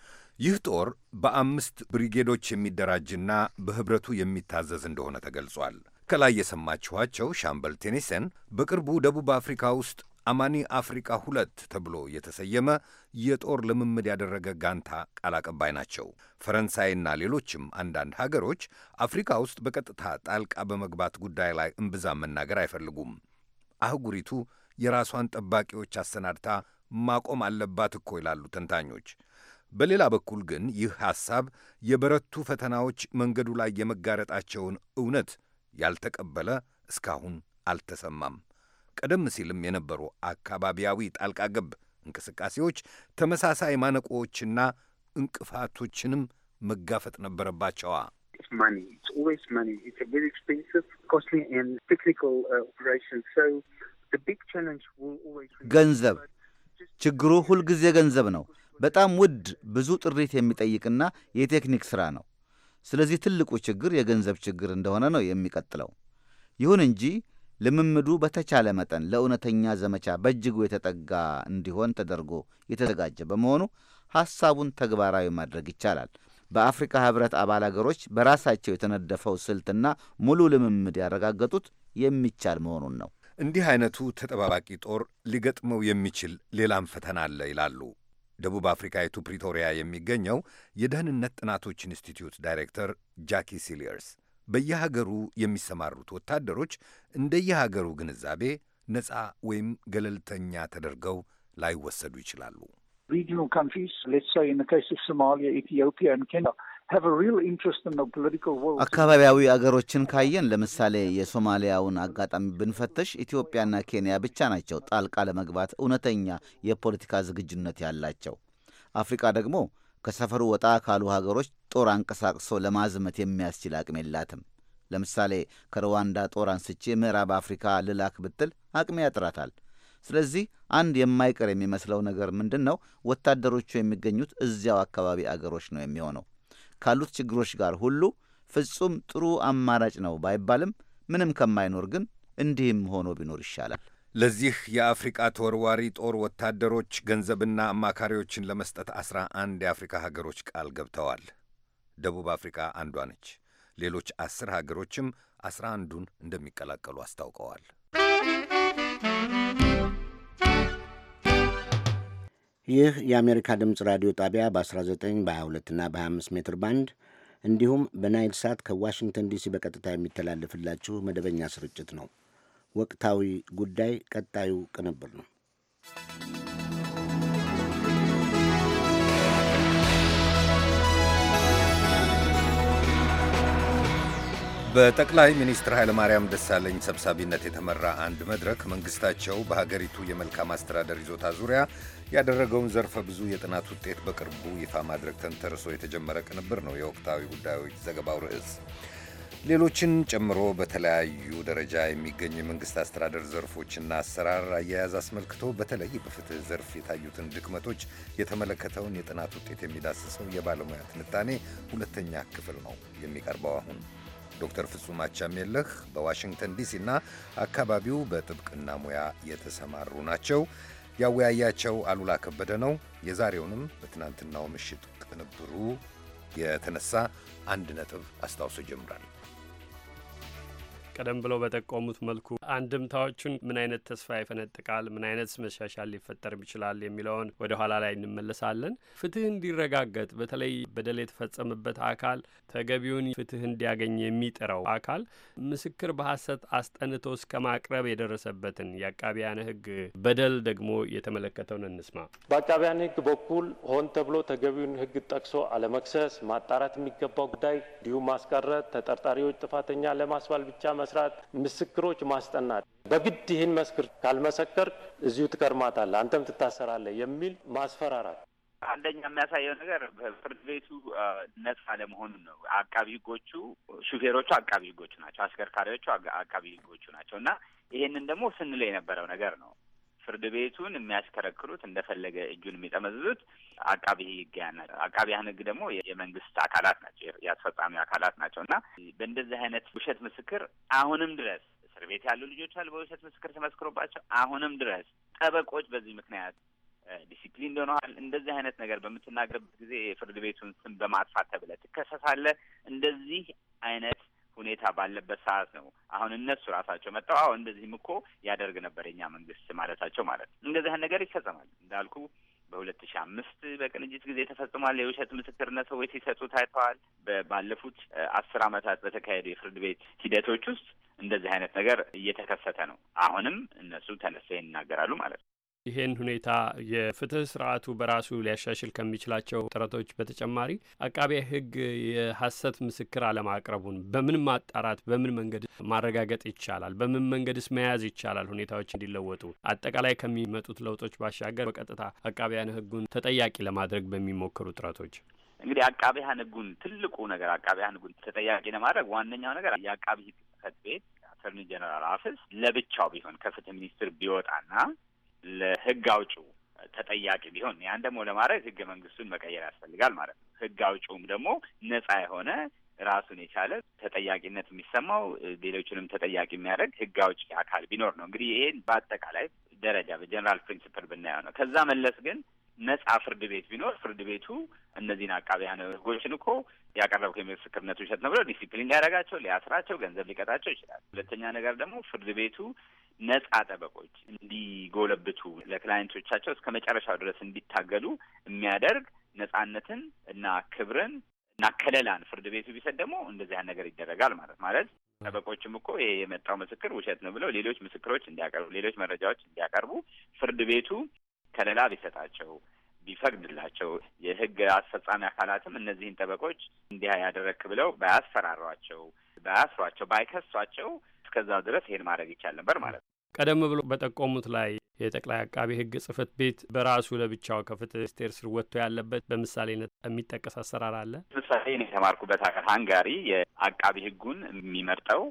ይህ ጦር በአምስት ብሪጌዶች የሚደራጅና በኅብረቱ የሚታዘዝ እንደሆነ ተገልጿል። ከላይ የሰማችኋቸው ሻምበል ቴኒሰን በቅርቡ ደቡብ አፍሪካ ውስጥ አማኒ አፍሪቃ ሁለት ተብሎ የተሰየመ የጦር ልምምድ ያደረገ ጋንታ ቃል አቀባይ ናቸው። ፈረንሳይና ሌሎችም አንዳንድ ሀገሮች አፍሪካ ውስጥ በቀጥታ ጣልቃ በመግባት ጉዳይ ላይ እምብዛም መናገር አይፈልጉም። አህጉሪቱ የራሷን ጠባቂዎች አሰናድታ ማቆም አለባት እኮ ይላሉ ተንታኞች። በሌላ በኩል ግን ይህ ሐሳብ የበረቱ ፈተናዎች መንገዱ ላይ የመጋረጣቸውን እውነት ያልተቀበለ እስካሁን አልተሰማም። ቀደም ሲልም የነበሩ አካባቢያዊ ጣልቃ ገብ እንቅስቃሴዎች ተመሳሳይ ማነቆዎችና እንቅፋቶችንም መጋፈጥ ነበረባቸዋ። uh, ገንዘብ ችግሩ ሁልጊዜ ገንዘብ ነው። በጣም ውድ፣ ብዙ ጥሪት የሚጠይቅና የቴክኒክ ሥራ ነው። ስለዚህ ትልቁ ችግር የገንዘብ ችግር እንደሆነ ነው የሚቀጥለው። ይሁን እንጂ ልምምዱ በተቻለ መጠን ለእውነተኛ ዘመቻ በእጅጉ የተጠጋ እንዲሆን ተደርጎ የተዘጋጀ በመሆኑ ሐሳቡን ተግባራዊ ማድረግ ይቻላል። በአፍሪካ ህብረት አባል አገሮች በራሳቸው የተነደፈው ስልትና ሙሉ ልምምድ ያረጋገጡት የሚቻል መሆኑን ነው። እንዲህ አይነቱ ተጠባባቂ ጦር ሊገጥመው የሚችል ሌላም ፈተና አለ ይላሉ ደቡብ አፍሪካዊቱ ፕሪቶሪያ የሚገኘው የደህንነት ጥናቶች ኢንስቲትዩት ዳይሬክተር ጃኪ ሲሊየርስ። በየሀገሩ የሚሰማሩት ወታደሮች እንደየሀገሩ ግንዛቤ ነፃ ወይም ገለልተኛ ተደርገው ላይወሰዱ ይችላሉ። አካባቢያዊ አገሮችን ካየን ለምሳሌ የሶማሊያውን አጋጣሚ ብንፈተሽ ኢትዮጵያና ኬንያ ብቻ ናቸው ጣልቃ ለመግባት እውነተኛ የፖለቲካ ዝግጁነት ያላቸው። አፍሪካ ደግሞ ከሰፈሩ ወጣ ካሉ ሀገሮች ጦር አንቀሳቅሶ ለማዝመት የሚያስችል አቅም የላትም። ለምሳሌ ከሩዋንዳ ጦር አንስቼ ምዕራብ አፍሪካ ልላክ ብትል አቅሜ ያጥራታል። ስለዚህ አንድ የማይቀር የሚመስለው ነገር ምንድን ነው? ወታደሮቹ የሚገኙት እዚያው አካባቢ አገሮች ነው የሚሆነው። ካሉት ችግሮች ጋር ሁሉ ፍጹም ጥሩ አማራጭ ነው ባይባልም ምንም ከማይኖር ግን እንዲህም ሆኖ ቢኖር ይሻላል። ለዚህ የአፍሪቃ ተወርዋሪ ጦር ወታደሮች ገንዘብና አማካሪዎችን ለመስጠት አስራ አንድ የአፍሪካ ሀገሮች ቃል ገብተዋል። ደቡብ አፍሪካ አንዷ ነች። ሌሎች አስር ሀገሮችም አስራ አንዱን እንደሚቀላቀሉ አስታውቀዋል። ይህ የአሜሪካ ድምፅ ራዲዮ ጣቢያ በ19 በ22ና በ25 ሜትር ባንድ እንዲሁም በናይል ሳት ከዋሽንግተን ዲሲ በቀጥታ የሚተላለፍላችሁ መደበኛ ስርጭት ነው። ወቅታዊ ጉዳይ ቀጣዩ ቅንብር ነው። በጠቅላይ ሚኒስትር ኃይለማርያም ደሳለኝ ሰብሳቢነት የተመራ አንድ መድረክ መንግስታቸው በሀገሪቱ የመልካም አስተዳደር ይዞታ ዙሪያ ያደረገውን ዘርፈ ብዙ የጥናት ውጤት በቅርቡ ይፋ ማድረግ ተንተርሶ የተጀመረ ቅንብር ነው የወቅታዊ ጉዳዮች ዘገባው ርዕስ። ሌሎችን ጨምሮ በተለያዩ ደረጃ የሚገኙ የመንግስት አስተዳደር ዘርፎችና አሰራር አያያዝ አስመልክቶ በተለይ በፍትህ ዘርፍ የታዩትን ድክመቶች የተመለከተውን የጥናት ውጤት የሚዳስሰው የባለሙያ ትንታኔ ሁለተኛ ክፍል ነው የሚቀርበው አሁን ዶክተር ፍጹም አቻሜለህ በዋሽንግተን ዲሲና አካባቢው በጥብቅና ሙያ የተሰማሩ ናቸው። ያወያያቸው አሉላ ከበደ ነው። የዛሬውንም በትናንትናው ምሽት ቅንብሩ የተነሳ አንድ ነጥብ አስታውሶ ጀምራል። ቀደም ብለው በጠቆሙት መልኩ አንድምታዎቹን ምን አይነት ተስፋ ይፈነጥቃል፣ ምን አይነት መሻሻል ሊፈጠር ይችላል የሚለውን ወደ ኋላ ላይ እንመለሳለን። ፍትህ እንዲረጋገጥ በተለይ በደል የተፈጸመበት አካል ተገቢውን ፍትህ እንዲያገኝ የሚጥረው አካል ምስክር በሐሰት አስጠንቶ እስከ ማቅረብ የደረሰበትን የአቃቢያነ ሕግ በደል ደግሞ የተመለከተውን እንስማ። በአቃቢያነ ሕግ በኩል ሆን ተብሎ ተገቢውን ሕግ ጠቅሶ አለመክሰስ፣ ማጣራት የሚገባው ጉዳይ እንዲሁም ማስቀረት፣ ተጠርጣሪዎች ጥፋተኛ ለማስባል ብቻ መስራት፣ ምስክሮች ማስጠናት፣ በግድ ይህን መስክር ካልመሰከር እዚሁ ትቀርማታለ፣ አንተም ትታሰራለ የሚል ማስፈራራት አንደኛ የሚያሳየው ነገር ፍርድ ቤቱ ነጻ ለመሆኑ ነው። አቃቢ ህጎቹ ሹፌሮቹ አቃቢ ህጎቹ ናቸው፣ አሽከርካሪዎቹ አቃቢ ህጎቹ ናቸው እና ይሄንን ደግሞ ስንል የነበረው ነገር ነው። ፍርድ ቤቱን የሚያስከረክሩት እንደፈለገ እጁን የሚጠመዝዙት አቃቢ ህግ አቃቢ ህግ ደግሞ የመንግስት አካላት ናቸው፣ የአስፈጻሚ አካላት ናቸው እና በእንደዚህ አይነት ውሸት ምስክር አሁንም ድረስ እስር ቤት ያሉ ልጆች አሉ፣ በውሸት ምስክር ተመስክሮባቸው አሁንም ድረስ ጠበቆች በዚህ ምክንያት ዲሲፕሊን እንደሆነዋል። እንደዚህ አይነት ነገር በምትናገርበት ጊዜ የፍርድ ቤቱን ስም በማጥፋት ተብለህ ትከሰሳለህ። እንደዚህ አይነት ሁኔታ ባለበት ሰዓት ነው አሁን እነሱ ራሳቸው መጥተው አሁን እንደዚህም እኮ ያደርግ ነበር የኛ መንግስት ማለታቸው ማለት ነው። እንደዚህን ነገር ይፈጸማል እንዳልኩ በሁለት ሺ አምስት በቅንጅት ጊዜ ተፈጽሟል። የውሸት ምስክርነት ሰዎች ሲሰጡ ታይተዋል። ባለፉት አስር አመታት በተካሄዱ የፍርድ ቤት ሂደቶች ውስጥ እንደዚህ አይነት ነገር እየተከሰተ ነው። አሁንም እነሱ ተነሳ ይናገራሉ ማለት ነው። ይሄን ሁኔታ የፍትህ ስርዓቱ በራሱ ሊያሻሽል ከሚችላቸው ጥረቶች በተጨማሪ አቃቤ ሕግ የሐሰት ምስክር አለማቅረቡን በምን ማጣራት በምን መንገድ ማረጋገጥ ይቻላል? በምን መንገድስ መያዝ ይቻላል? ሁኔታዎች እንዲለወጡ አጠቃላይ ከሚመጡት ለውጦች ባሻገር በቀጥታ አቃቢያን ሕጉን ተጠያቂ ለማድረግ በሚሞክሩ ጥረቶች እንግዲህ አቃቢያን ሕጉን ትልቁ ነገር አቃቢያን ሕጉን ተጠያቂ ለማድረግ ዋነኛው ነገር የአቃቢ ሕግ ጽሕፈት ቤት አተርኒ ጀነራል አፍስ ለብቻው ቢሆን ከፍትህ ሚኒስትር ቢወጣና ለህግ አውጪው ተጠያቂ ቢሆን ያን ደግሞ ለማድረግ ህገ መንግስቱን መቀየር ያስፈልጋል ማለት ነው። ህግ አውጪውም ደግሞ ነጻ የሆነ ራሱን የቻለ ተጠያቂነት የሚሰማው ሌሎችንም ተጠያቂ የሚያደርግ ህግ አውጪ አካል ቢኖር ነው። እንግዲህ ይሄን በአጠቃላይ ደረጃ በጀኔራል ፕሪንስፕል ብናየው ነው። ከዛ መለስ ግን ነጻ ፍርድ ቤት ቢኖር ፍርድ ቤቱ እነዚህን አቃቢያነ ሕጎችን እኮ ያቀረብ የምስክርነት ውሸት ነው ብለው ዲሲፕሊን ሊያደርጋቸው፣ ሊያስራቸው፣ ገንዘብ ሊቀጣቸው ይችላል። ሁለተኛ ነገር ደግሞ ፍርድ ቤቱ ነጻ ጠበቆች እንዲጎለብቱ ለክላይንቶቻቸው እስከ መጨረሻው ድረስ እንዲታገሉ የሚያደርግ ነጻነትን እና ክብርን እና ከለላን ፍርድ ቤቱ ቢሰጥ ደግሞ እንደዚህ ያን ነገር ይደረጋል ማለት ማለት ጠበቆችም እኮ ይሄ የመጣው ምስክር ውሸት ነው ብለው ሌሎች ምስክሮች እንዲያቀርቡ ሌሎች መረጃዎች እንዲያቀርቡ ፍርድ ቤቱ ከለላ ቢሰጣቸው ቢፈቅድላቸው የህግ አስፈጻሚ አካላትም እነዚህን ጠበቆች እንዲህ ያደረክ ብለው ባያስፈራሯቸው፣ ባያስሯቸው፣ ባይከሷቸው እስከዛ ድረስ ይሄን ማድረግ ይቻል ነበር ማለት ነው። ቀደም ብሎ በጠቆሙት ላይ የጠቅላይ አቃቢ ህግ ጽህፈት ቤት በራሱ ለብቻው ከፍትህ ሚኒስቴር ስር ወጥቶ ያለበት በምሳሌነት የሚጠቀስ አሰራር አለ። ምሳሌ የተማርኩበት ሀገር ሃንጋሪ የአቃቢ ህጉን የሚመርጠው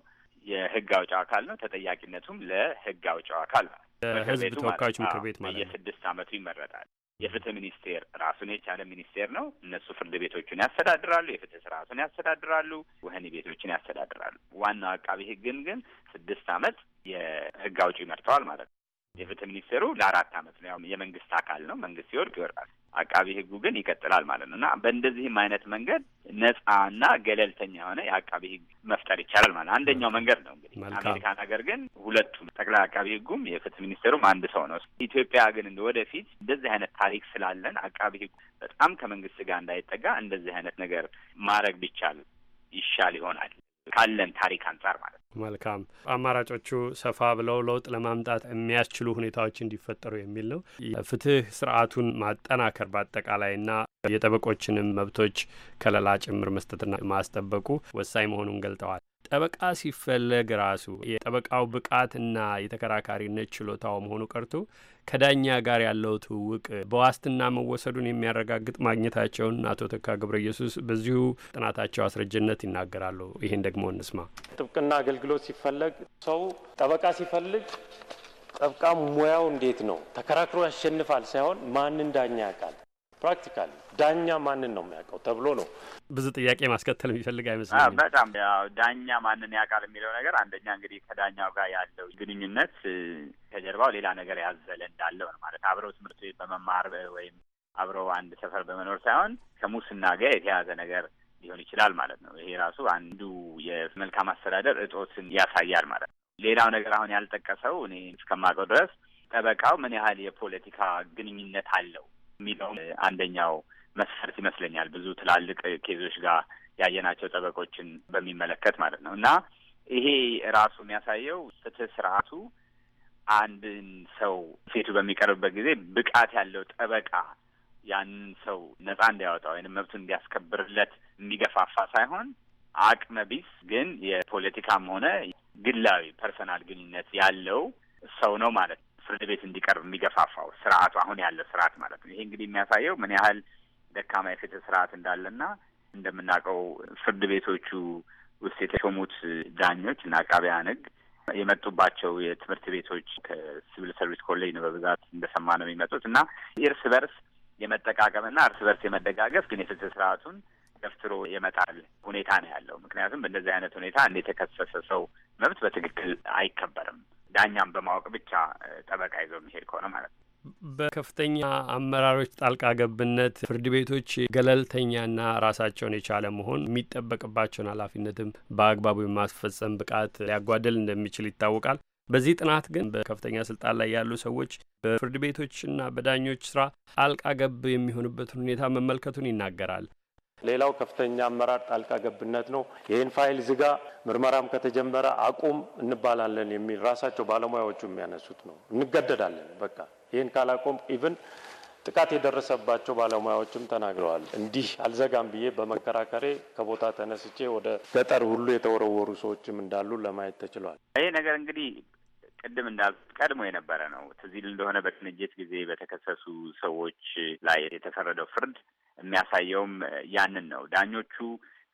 የህግ አውጫው አካል ነው። ተጠያቂነቱም ለህግ አውጫው አካል ነው። የህዝብ ተወካዮች ምክር ቤት ማለት ነው። የስድስት አመቱ ይመረጣል። የፍትህ ሚኒስቴር ራሱን የቻለ ሚኒስቴር ነው። እነሱ ፍርድ ቤቶቹን ያስተዳድራሉ፣ የፍትህ ስርዓቱን ያስተዳድራሉ፣ ወህኒ ቤቶችን ያስተዳድራሉ። ዋናው አቃቢ ህግን ግን ስድስት አመት የህግ አውጪ መርተዋል ማለት ነው። የፍትህ ሚኒስቴሩ ለአራት አመት ነው። ያው የመንግስት አካል ነው። መንግስት ሲወድቅ ይወርቃል። አቃቢ ህጉ ግን ይቀጥላል ማለት ነው እና በእንደዚህም አይነት መንገድ ነጻና ገለልተኛ የሆነ የአቃቢ ህግ መፍጠር ይቻላል ማለት አንደኛው መንገድ ነው። እንግዲህ አሜሪካን ሀገር ግን ሁለቱም ጠቅላይ አቃቢ ህጉም የፍትህ ሚኒስቴሩም አንድ ሰው ነው። ኢትዮጵያ ግን እንደ ወደፊት እንደዚህ አይነት ታሪክ ስላለን አቃቢ ህጉ በጣም ከመንግስት ጋር እንዳይጠጋ እንደዚህ አይነት ነገር ማድረግ ቢቻል ይሻል ይሆናል ካለን ታሪክ አንጻር ማለት ነው። መልካም አማራጮቹ ሰፋ ብለው ለውጥ ለማምጣት የሚያስችሉ ሁኔታዎች እንዲፈጠሩ የሚል ነው። የፍትህ ስርዓቱን ማጠናከር በአጠቃላይና የጠበቆችንም መብቶች ከለላ ጭምር መስጠትና ማስጠበቁ ወሳኝ መሆኑን ገልጠዋል። ጠበቃ ሲፈለግ ራሱ የጠበቃው ብቃትና የተከራካሪነት ችሎታው መሆኑ ቀርቶ ከዳኛ ጋር ያለው ትውውቅ በዋስትና መወሰዱን የሚያረጋግጥ ማግኘታቸውን አቶ ተካ ገብረ ኢየሱስ በዚሁ ጥናታቸው አስረጅነት ይናገራሉ። ይህን ደግሞ እንስማ። ጥብቅና አገልግሎት ሲፈለግ ሰው ጠበቃ ሲፈልግ ጠብቃ ሙያው እንዴት ነው፣ ተከራክሮ ያሸንፋል ሳይሆን ማንን ዳኛ ያውቃል፣ ፕራክቲካሊ ዳኛ ማንን ነው የሚያውቀው ተብሎ ነው ብዙ ጥያቄ ማስከተል የሚፈልግ አይመስለኝም። በጣም ያው ዳኛ ማንን ያውቃል የሚለው ነገር አንደኛ እንግዲህ ከዳኛው ጋር ያለው ግንኙነት ከጀርባው ሌላ ነገር ያዘለ እንዳለው ነው ማለት አብረው ትምህርት ቤት በመማር ወይም አብረው አንድ ሰፈር በመኖር ሳይሆን ከሙስና ጋር የተያያዘ ነገር ሊሆን ይችላል ማለት ነው። ይሄ ራሱ አንዱ የመልካም አስተዳደር እጦትን ያሳያል ማለት ነው። ሌላው ነገር አሁን ያልጠቀሰው እኔ እስከማውቀው ድረስ ጠበቃው ምን ያህል የፖለቲካ ግንኙነት አለው የሚለው አንደኛው መስፈርት ይመስለኛል። ብዙ ትላልቅ ኬዞች ጋር ያየናቸው ጠበቆችን በሚመለከት ማለት ነው። እና ይሄ ራሱ የሚያሳየው ፍትህ ስርዓቱ አንድን ሰው ሴቱ በሚቀርብበት ጊዜ ብቃት ያለው ጠበቃ ያንን ሰው ነጻ እንዲያወጣ ወይም መብቱን እንዲያስከብርለት የሚገፋፋ ሳይሆን አቅመ ቢስ ግን የፖለቲካም ሆነ ግላዊ ፐርሰናል ግንኙነት ያለው ሰው ነው ማለት ነው። ፍርድ ቤት እንዲቀርብ የሚገፋፋው ስርዓቱ አሁን ያለ ስርዓት ማለት ነው። ይሄ እንግዲህ የሚያሳየው ምን ያህል ደካማ የፍትህ ስርዓት እንዳለና እንደምናውቀው ፍርድ ቤቶቹ ውስጥ የተሾሙት ዳኞች እና አቃቢያን ሕግ የመጡባቸው የትምህርት ቤቶች ከሲቪል ሰርቪስ ኮሌጅ ነው በብዛት እንደሰማ ነው የሚመጡት እና እርስ በርስ የመጠቃቀምና እርስ በርስ የመደጋገፍ ግን የፍትህ ስርዓቱን ገፍትሮ የመጣል ሁኔታ ነው ያለው። ምክንያቱም በእንደዚህ አይነት ሁኔታ እንደ የተከሰሰ ሰው መብት በትክክል አይከበርም። ዳኛም በማወቅ ብቻ ጠበቃ ይዞ የሚሄድ ከሆነ ማለት ነው። በከፍተኛ አመራሮች ጣልቃ ገብነት ፍርድ ቤቶች ገለልተኛና ራሳቸውን የቻለ መሆን የሚጠበቅባቸውን ኃላፊነትም በአግባቡ የማስፈጸም ብቃት ሊያጓደል እንደሚችል ይታወቃል። በዚህ ጥናት ግን በከፍተኛ ስልጣን ላይ ያሉ ሰዎች በፍርድ ቤቶችና በዳኞች ስራ ጣልቃ ገብ የሚሆኑበትን ሁኔታ መመልከቱን ይናገራል። ሌላው ከፍተኛ አመራር ጣልቃ ገብነት ነው። ይህን ፋይል ዝጋ፣ ምርመራም ከተጀመረ አቁም እንባላለን የሚል ራሳቸው ባለሙያዎቹ የሚያነሱት ነው። እንገደዳለን በቃ ይህን ካላቆም ኢቭን ጥቃት የደረሰባቸው ባለሙያዎችም ተናግረዋል። እንዲህ አልዘጋም ብዬ በመከራከሬ ከቦታ ተነስቼ ወደ ገጠር ሁሉ የተወረወሩ ሰዎችም እንዳሉ ለማየት ተችሏል። ይሄ ነገር እንግዲህ ቅድም እንዳልኩት ቀድሞ የነበረ ነው። ትዝ ይል እንደሆነ በቅንጅት ጊዜ በተከሰሱ ሰዎች ላይ የተፈረደው ፍርድ የሚያሳየውም ያንን ነው። ዳኞቹ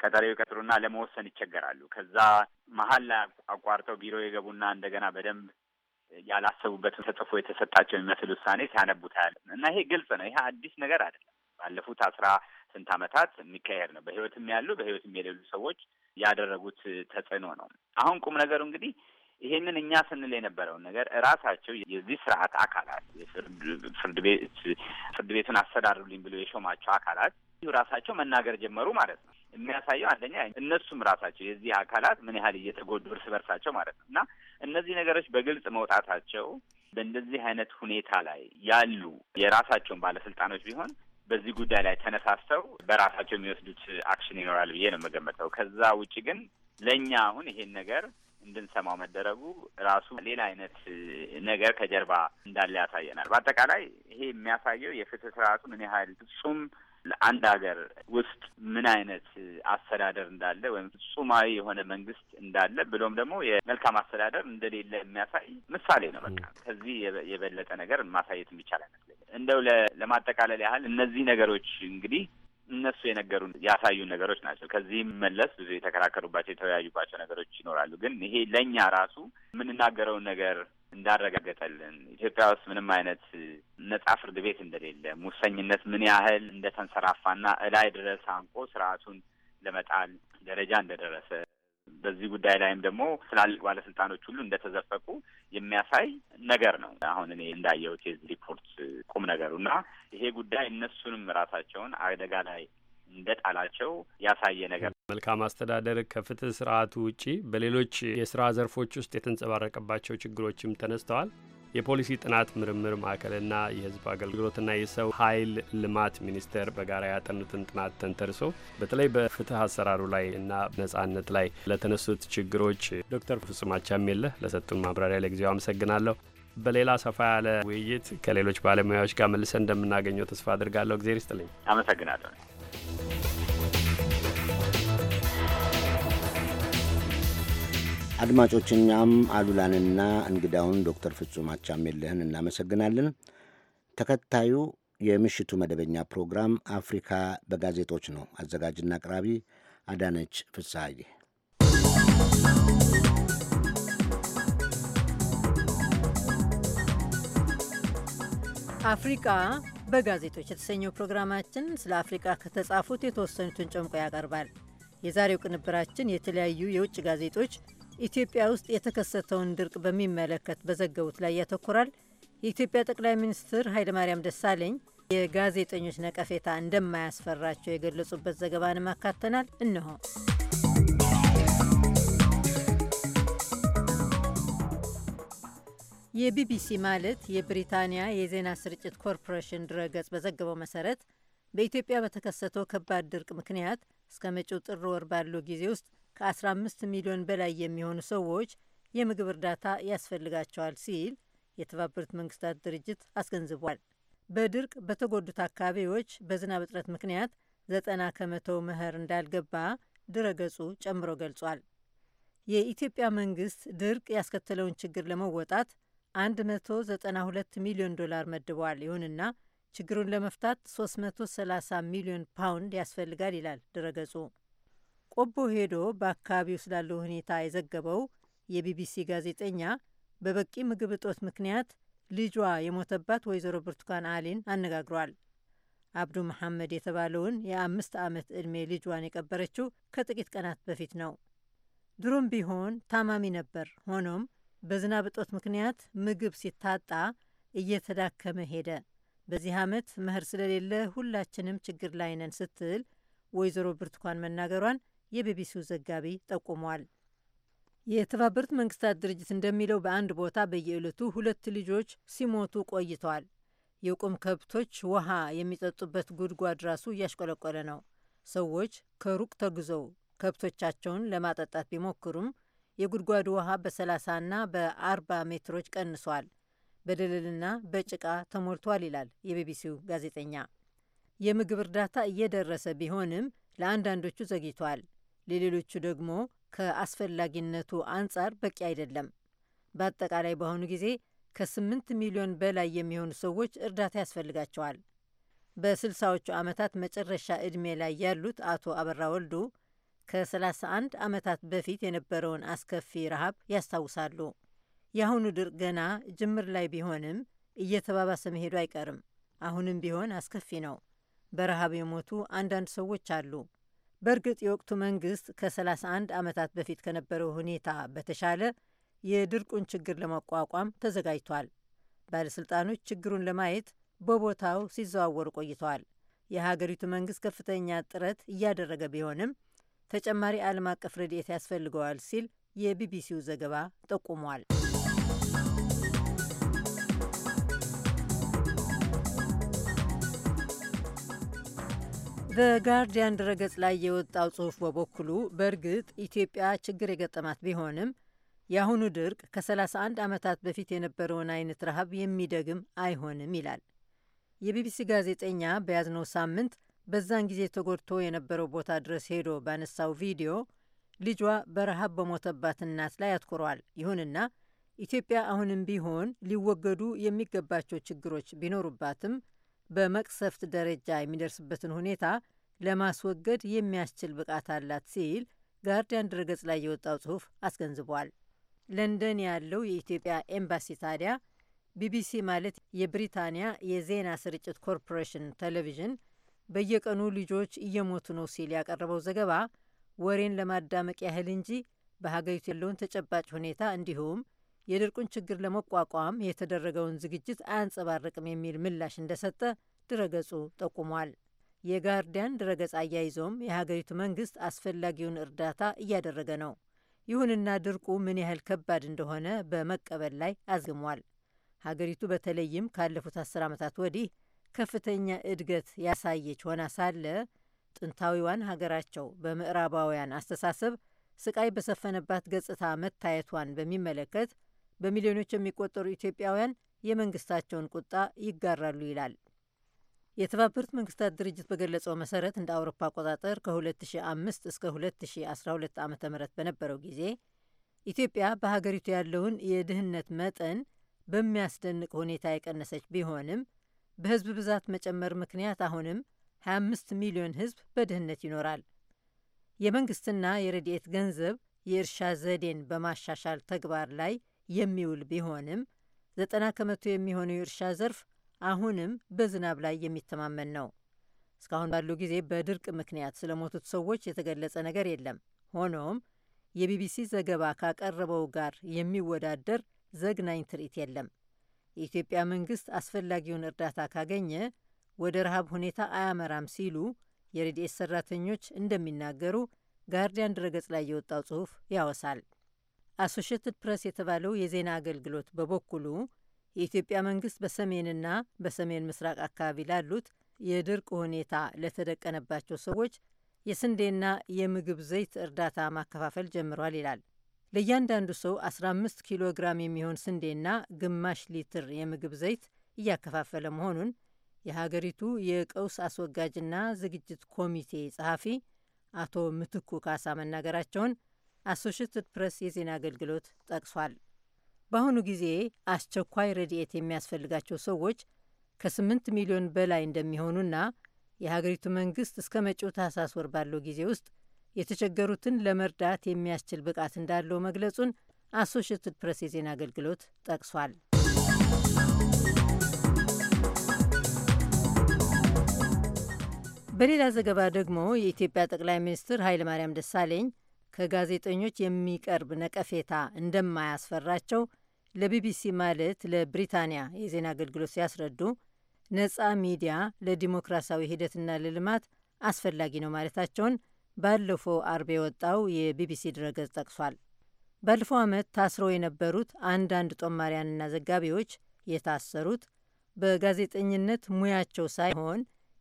ቀጠሮ ይቀጥሩና ለመወሰን ይቸገራሉ። ከዛ መሀል ላይ አቋርጠው ቢሮ የገቡና እንደገና በደንብ ያላሰቡበትን ተጽፎ የተሰጣቸው የሚመስል ውሳኔ ሲያነቡት አያለን እና ይሄ ግልጽ ነው። ይሄ አዲስ ነገር አይደለም። ባለፉት አስራ ስንት ዓመታት የሚካሄድ ነው። በህይወትም ያሉ በህይወትም የሌሉ ሰዎች ያደረጉት ተጽዕኖ ነው። አሁን ቁም ነገሩ እንግዲህ ይሄንን እኛ ስንል የነበረውን ነገር እራሳቸው የዚህ ስርዓት አካላት ፍርድ ቤት ፍርድ ቤቱን አስተዳድሩልኝ ብሎ የሾማቸው አካላት ራሳቸው መናገር ጀመሩ ማለት ነው። የሚያሳየው አንደኛ እነሱም ራሳቸው የዚህ አካላት ምን ያህል እየተጎዱ እርስ በርሳቸው ማለት ነው እና እነዚህ ነገሮች በግልጽ መውጣታቸው በእንደዚህ አይነት ሁኔታ ላይ ያሉ የራሳቸውን ባለስልጣኖች ቢሆን በዚህ ጉዳይ ላይ ተነሳስተው በራሳቸው የሚወስዱት አክሽን ይኖራል ብዬ ነው የምገምተው። ከዛ ውጭ ግን ለእኛ አሁን ይሄን ነገር እንድንሰማው መደረጉ ራሱ ሌላ አይነት ነገር ከጀርባ እንዳለ ያሳየናል። በአጠቃላይ ይሄ የሚያሳየው የፍትህ ስርዓቱ ምን ያህል ፍጹም ለአንድ ሀገር ውስጥ ምን አይነት አስተዳደር እንዳለ ወይም ፍጹማዊ የሆነ መንግስት እንዳለ ብሎም ደግሞ የመልካም አስተዳደር እንደሌለ የሚያሳይ ምሳሌ ነው። በቃ ከዚህ የበለጠ ነገር ማሳየት የሚቻል አይመስለኝም። እንደው ለማጠቃለል ያህል እነዚህ ነገሮች እንግዲህ እነሱ የነገሩን ያሳዩን ነገሮች ናቸው። ከዚህም መለስ ብዙ የተከራከሩባቸው የተወያዩባቸው ነገሮች ይኖራሉ። ግን ይሄ ለእኛ ራሱ የምንናገረውን ነገር እንዳረጋገጠልን ኢትዮጵያ ውስጥ ምንም አይነት ነጻ ፍርድ ቤት እንደሌለ፣ ሙሰኝነት ምን ያህል እንደተንሰራፋና እላይ ድረስ አንቆ ስርዓቱን ለመጣል ደረጃ እንደደረሰ በዚህ ጉዳይ ላይም ደግሞ ትላልቅ ባለስልጣኖች ሁሉ እንደተዘፈቁ የሚያሳይ ነገር ነው። አሁን እኔ እንዳየሁት የዚህ ሪፖርት ነገሩ እና ይሄ ጉዳይ እነሱንም ራሳቸውን አደጋ ላይ እንደ ጣላቸው ያሳየ ነገር። መልካም አስተዳደር ከፍትህ ስርዓቱ ውጪ በሌሎች የስራ ዘርፎች ውስጥ የተንጸባረቀባቸው ችግሮችም ተነስተዋል። የፖሊሲ ጥናት ምርምር ማዕከልና የህዝብ አገልግሎትና የሰው ኃይል ልማት ሚኒስቴር በጋራ ያጠኑትን ጥናት ተንተርሶ በተለይ በፍትህ አሰራሩ ላይ እና ነጻነት ላይ ለተነሱት ችግሮች ዶክተር ፍጹም አቻምየለህ ለሰጡን ማብራሪያ ለጊዜው አመሰግናለሁ። በሌላ ሰፋ ያለ ውይይት ከሌሎች ባለሙያዎች ጋር መልሰን እንደምናገኘው ተስፋ አድርጋለሁ። እግዜር ይስጥልኝ። አመሰግናለሁ። አድማጮች እኛም አሉላንና እንግዳውን ዶክተር ፍጹም አቻሜልህን እናመሰግናለን። ተከታዩ የምሽቱ መደበኛ ፕሮግራም አፍሪካ በጋዜጦች ነው። አዘጋጅና አቅራቢ አዳነች ፍሳሐዬ። አፍሪቃ በጋዜጦች የተሰኘው ፕሮግራማችን ስለ አፍሪቃ ከተጻፉት የተወሰኑትን ጨምቆ ያቀርባል። የዛሬው ቅንብራችን የተለያዩ የውጭ ጋዜጦች ኢትዮጵያ ውስጥ የተከሰተውን ድርቅ በሚመለከት በዘገቡት ላይ ያተኩራል። የኢትዮጵያ ጠቅላይ ሚኒስትር ኃይለማርያም ደሳለኝ የጋዜጠኞች ነቀፌታ እንደማያስፈራቸው የገለጹበት ዘገባንም አካተናል። እንሆ የቢቢሲ ማለት የብሪታንያ የዜና ስርጭት ኮርፖሬሽን ድረገጽ በዘገበው መሰረት በኢትዮጵያ በተከሰተው ከባድ ድርቅ ምክንያት እስከ መጪው ጥር ወር ባለው ጊዜ ውስጥ ከ15 ሚሊዮን በላይ የሚሆኑ ሰዎች የምግብ እርዳታ ያስፈልጋቸዋል ሲል የተባበሩት መንግስታት ድርጅት አስገንዝቧል። በድርቅ በተጎዱት አካባቢዎች በዝናብ እጥረት ምክንያት ዘጠና ከመቶው መኸር እንዳልገባ ድረገጹ ጨምሮ ገልጿል። የኢትዮጵያ መንግስት ድርቅ ያስከተለውን ችግር ለመወጣት 192 ሚሊዮን ዶላር መድበዋል። ይሁንና ችግሩን ለመፍታት 330 ሚሊዮን ፓውንድ ያስፈልጋል ይላል ድረገጹ። ቆቦ ሄዶ በአካባቢው ስላለው ሁኔታ የዘገበው የቢቢሲ ጋዜጠኛ በበቂ ምግብ እጦት ምክንያት ልጇ የሞተባት ወይዘሮ ብርቱካን አሊን አነጋግሯል። አብዱ መሐመድ የተባለውን የአምስት ዓመት ዕድሜ ልጇን የቀበረችው ከጥቂት ቀናት በፊት ነው። ድሮም ቢሆን ታማሚ ነበር። ሆኖም በዝናብ እጦት ምክንያት ምግብ ሲታጣ እየተዳከመ ሄደ። በዚህ ዓመት መኸር ስለሌለ ሁላችንም ችግር ላይ ነን ስትል ወይዘሮ ብርቱካን መናገሯን የቢቢሲው ዘጋቢ ጠቁሟል። የተባበሩት መንግስታት ድርጅት እንደሚለው በአንድ ቦታ በየዕለቱ ሁለት ልጆች ሲሞቱ ቆይተዋል። የቁም ከብቶች ውሃ የሚጠጡበት ጉድጓድ ራሱ እያሽቆለቆለ ነው። ሰዎች ከሩቅ ተጉዘው ከብቶቻቸውን ለማጠጣት ቢሞክሩም የጉድጓዱ ውሃ በ30ና በ40 ሜትሮች ቀንሷል፣ በደለልና በጭቃ ተሞልቷል ይላል የቢቢሲው ጋዜጠኛ። የምግብ እርዳታ እየደረሰ ቢሆንም ለአንዳንዶቹ ዘግይቷል፣ ለሌሎቹ ደግሞ ከአስፈላጊነቱ አንጻር በቂ አይደለም። በአጠቃላይ በአሁኑ ጊዜ ከ8 ሚሊዮን በላይ የሚሆኑ ሰዎች እርዳታ ያስፈልጋቸዋል። በስልሳዎቹ ዓመታት መጨረሻ ዕድሜ ላይ ያሉት አቶ አበራ ወልዱ ከ31 ዓመታት በፊት የነበረውን አስከፊ ረሃብ ያስታውሳሉ። የአሁኑ ድርቅ ገና ጅምር ላይ ቢሆንም እየተባባሰ መሄዱ አይቀርም። አሁንም ቢሆን አስከፊ ነው። በረሃብ የሞቱ አንዳንድ ሰዎች አሉ። በእርግጥ የወቅቱ መንግስት ከ31 ዓመታት በፊት ከነበረው ሁኔታ በተሻለ የድርቁን ችግር ለመቋቋም ተዘጋጅቷል። ባለሥልጣኖች ችግሩን ለማየት በቦታው ሲዘዋወሩ ቆይተዋል። የሀገሪቱ መንግስት ከፍተኛ ጥረት እያደረገ ቢሆንም ተጨማሪ ዓለም አቀፍ ረድኤት ያስፈልገዋል ሲል የቢቢሲው ዘገባ ጠቁሟል። በጋርዲያን ድረገጽ ላይ የወጣው ጽሑፍ በበኩሉ በእርግጥ ኢትዮጵያ ችግር የገጠማት ቢሆንም የአሁኑ ድርቅ ከ31 ዓመታት በፊት የነበረውን አይነት ረሃብ የሚደግም አይሆንም ይላል። የቢቢሲ ጋዜጠኛ በያዝነው ሳምንት በዛን ጊዜ ተጎድቶ የነበረው ቦታ ድረስ ሄዶ ባነሳው ቪዲዮ ልጇ በረሃብ በሞተባት እናት ላይ አትኩሯል። ይሁንና ኢትዮጵያ አሁንም ቢሆን ሊወገዱ የሚገባቸው ችግሮች ቢኖሩባትም በመቅሰፍት ደረጃ የሚደርስበትን ሁኔታ ለማስወገድ የሚያስችል ብቃት አላት ሲል ጋርዲያን ድረገጽ ላይ የወጣው ጽሑፍ አስገንዝቧል። ለንደን ያለው የኢትዮጵያ ኤምባሲ ታዲያ ቢቢሲ ማለት የብሪታንያ የዜና ስርጭት ኮርፖሬሽን ቴሌቪዥን በየቀኑ ልጆች እየሞቱ ነው ሲል ያቀረበው ዘገባ ወሬን ለማዳመቅ ያህል እንጂ በሀገሪቱ ያለውን ተጨባጭ ሁኔታ እንዲሁም የድርቁን ችግር ለመቋቋም የተደረገውን ዝግጅት አያንጸባርቅም የሚል ምላሽ እንደሰጠ ድረገጹ ጠቁሟል። የጋርዲያን ድረገጽ አያይዞም የሀገሪቱ መንግስት አስፈላጊውን እርዳታ እያደረገ ነው፣ ይሁንና ድርቁ ምን ያህል ከባድ እንደሆነ በመቀበል ላይ አዝግሟል። ሀገሪቱ በተለይም ካለፉት አስር ዓመታት ወዲህ ከፍተኛ እድገት ያሳየች ሆና ሳለ ጥንታዊዋን ሀገራቸው በምዕራባውያን አስተሳሰብ ስቃይ በሰፈነባት ገጽታ መታየቷን በሚመለከት በሚሊዮኖች የሚቆጠሩ ኢትዮጵያውያን የመንግስታቸውን ቁጣ ይጋራሉ ይላል። የተባበሩት መንግስታት ድርጅት በገለጸው መሰረት እንደ አውሮፓ አቆጣጠር ከ2005 እስከ 2012 ዓ ም በነበረው ጊዜ ኢትዮጵያ በሀገሪቱ ያለውን የድህነት መጠን በሚያስደንቅ ሁኔታ የቀነሰች ቢሆንም በህዝብ ብዛት መጨመር ምክንያት አሁንም 25 ሚሊዮን ህዝብ በድህነት ይኖራል። የመንግስትና የረድኤት ገንዘብ የእርሻ ዘዴን በማሻሻል ተግባር ላይ የሚውል ቢሆንም ዘጠና ከመቶ የሚሆነው የእርሻ ዘርፍ አሁንም በዝናብ ላይ የሚተማመን ነው። እስካሁን ባለው ጊዜ በድርቅ ምክንያት ስለሞቱት ሰዎች የተገለጸ ነገር የለም። ሆኖም የቢቢሲ ዘገባ ካቀረበው ጋር የሚወዳደር ዘግናኝ ትርኢት የለም። የኢትዮጵያ መንግስት አስፈላጊውን እርዳታ ካገኘ ወደ ረሃብ ሁኔታ አያመራም ሲሉ የረድኤት ሰራተኞች እንደሚናገሩ ጋርዲያን ድረገጽ ላይ የወጣው ጽሑፍ ያወሳል። አሶሽትድ ፕሬስ የተባለው የዜና አገልግሎት በበኩሉ የኢትዮጵያ መንግስት በሰሜንና በሰሜን ምስራቅ አካባቢ ላሉት የድርቅ ሁኔታ ለተደቀነባቸው ሰዎች የስንዴና የምግብ ዘይት እርዳታ ማከፋፈል ጀምሯል ይላል። ለእያንዳንዱ ሰው 15 ኪሎ ግራም የሚሆን ስንዴና ግማሽ ሊትር የምግብ ዘይት እያከፋፈለ መሆኑን የሀገሪቱ የቀውስ አስወጋጅና ዝግጅት ኮሚቴ ጸሐፊ አቶ ምትኩ ካሳ መናገራቸውን አሶሽትድ ፕሬስ የዜና አገልግሎት ጠቅሷል። በአሁኑ ጊዜ አስቸኳይ ረድኤት የሚያስፈልጋቸው ሰዎች ከ8 ሚሊዮን በላይ እንደሚሆኑና የሀገሪቱ መንግስት እስከ መጪው ታህሳስ ወር ባለው ጊዜ ውስጥ የተቸገሩትን ለመርዳት የሚያስችል ብቃት እንዳለው መግለጹን አሶሽትድ ፕሬስ የዜና አገልግሎት ጠቅሷል። በሌላ ዘገባ ደግሞ የኢትዮጵያ ጠቅላይ ሚኒስትር ኃይለማርያም ደሳለኝ ከጋዜጠኞች የሚቀርብ ነቀፌታ እንደማያስፈራቸው ለቢቢሲ ማለት ለብሪታንያ የዜና አገልግሎት ሲያስረዱ ነፃ ሚዲያ ለዲሞክራሲያዊ ሂደትና ለልማት አስፈላጊ ነው ማለታቸውን ባለፈው አርብ የወጣው የቢቢሲ ድረገጽ ጠቅሷል። ባለፈው ዓመት ታስረው የነበሩት አንዳንድ ጦማሪያንና ዘጋቢዎች የታሰሩት በጋዜጠኝነት ሙያቸው ሳይሆን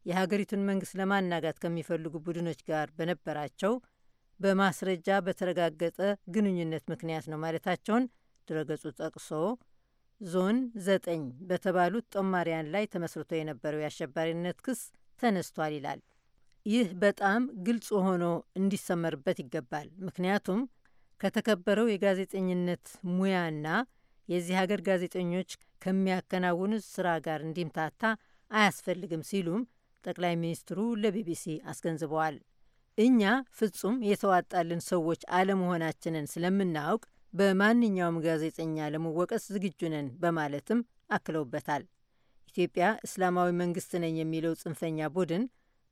የሀገሪቱን መንግስት ለማናጋት ከሚፈልጉ ቡድኖች ጋር በነበራቸው በማስረጃ በተረጋገጠ ግንኙነት ምክንያት ነው ማለታቸውን ድረገጹ ጠቅሶ ዞን ዘጠኝ በተባሉት ጦማሪያን ላይ ተመስርቶ የነበረው የአሸባሪነት ክስ ተነስቷል ይላል። ይህ በጣም ግልጽ ሆኖ እንዲሰመርበት ይገባል። ምክንያቱም ከተከበረው የጋዜጠኝነት ሙያና የዚህ ሀገር ጋዜጠኞች ከሚያከናውኑት ስራ ጋር እንዲምታታ አያስፈልግም ሲሉም ጠቅላይ ሚኒስትሩ ለቢቢሲ አስገንዝበዋል። እኛ ፍጹም የተዋጣልን ሰዎች አለመሆናችንን ስለምናውቅ በማንኛውም ጋዜጠኛ ለመወቀስ ዝግጁ ነን በማለትም አክለውበታል። ኢትዮጵያ እስላማዊ መንግስት ነኝ የሚለው ጽንፈኛ ቡድን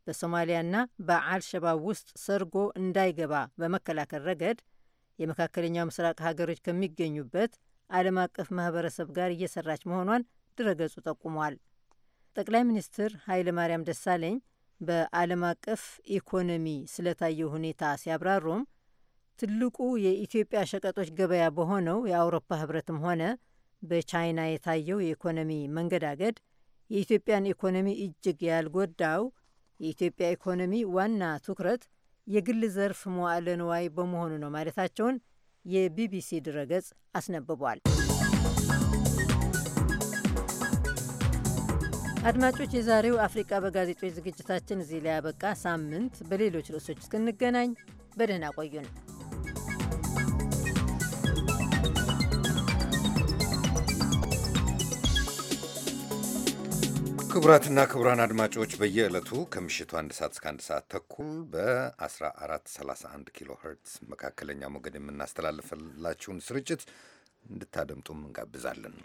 በሶማሊያና በአልሸባብ ውስጥ ሰርጎ እንዳይገባ በመከላከል ረገድ የመካከለኛው ምስራቅ ሀገሮች ከሚገኙበት ዓለም አቀፍ ማህበረሰብ ጋር እየሰራች መሆኗን ድረገጹ ጠቁሟል። ጠቅላይ ሚኒስትር ኃይለ ማርያም ደሳለኝ በዓለም አቀፍ ኢኮኖሚ ስለታየው ሁኔታ ሲያብራሩም ትልቁ የኢትዮጵያ ሸቀጦች ገበያ በሆነው የአውሮፓ ህብረትም ሆነ በቻይና የታየው የኢኮኖሚ መንገዳገድ የኢትዮጵያን ኢኮኖሚ እጅግ ያልጎዳው የኢትዮጵያ ኢኮኖሚ ዋና ትኩረት የግል ዘርፍ መዋዕለ ንዋይ በመሆኑ ነው ማለታቸውን የቢቢሲ ድረገጽ አስነብቧል። አድማጮች፣ የዛሬው አፍሪቃ በጋዜጦች ዝግጅታችን እዚህ ላይ ያበቃ። ሳምንት በሌሎች ርዕሶች እስክንገናኝ በደህና ቆዩን። ክቡራትና ክቡራን አድማጮች በየዕለቱ ከምሽቱ አንድ ሰዓት እስከ አንድ ሰዓት ተኩል በ1431 ኪሎ ሄርትስ መካከለኛ ሞገድ የምናስተላልፍላችሁን ስርጭት እንድታደምጡም እንጋብዛለን።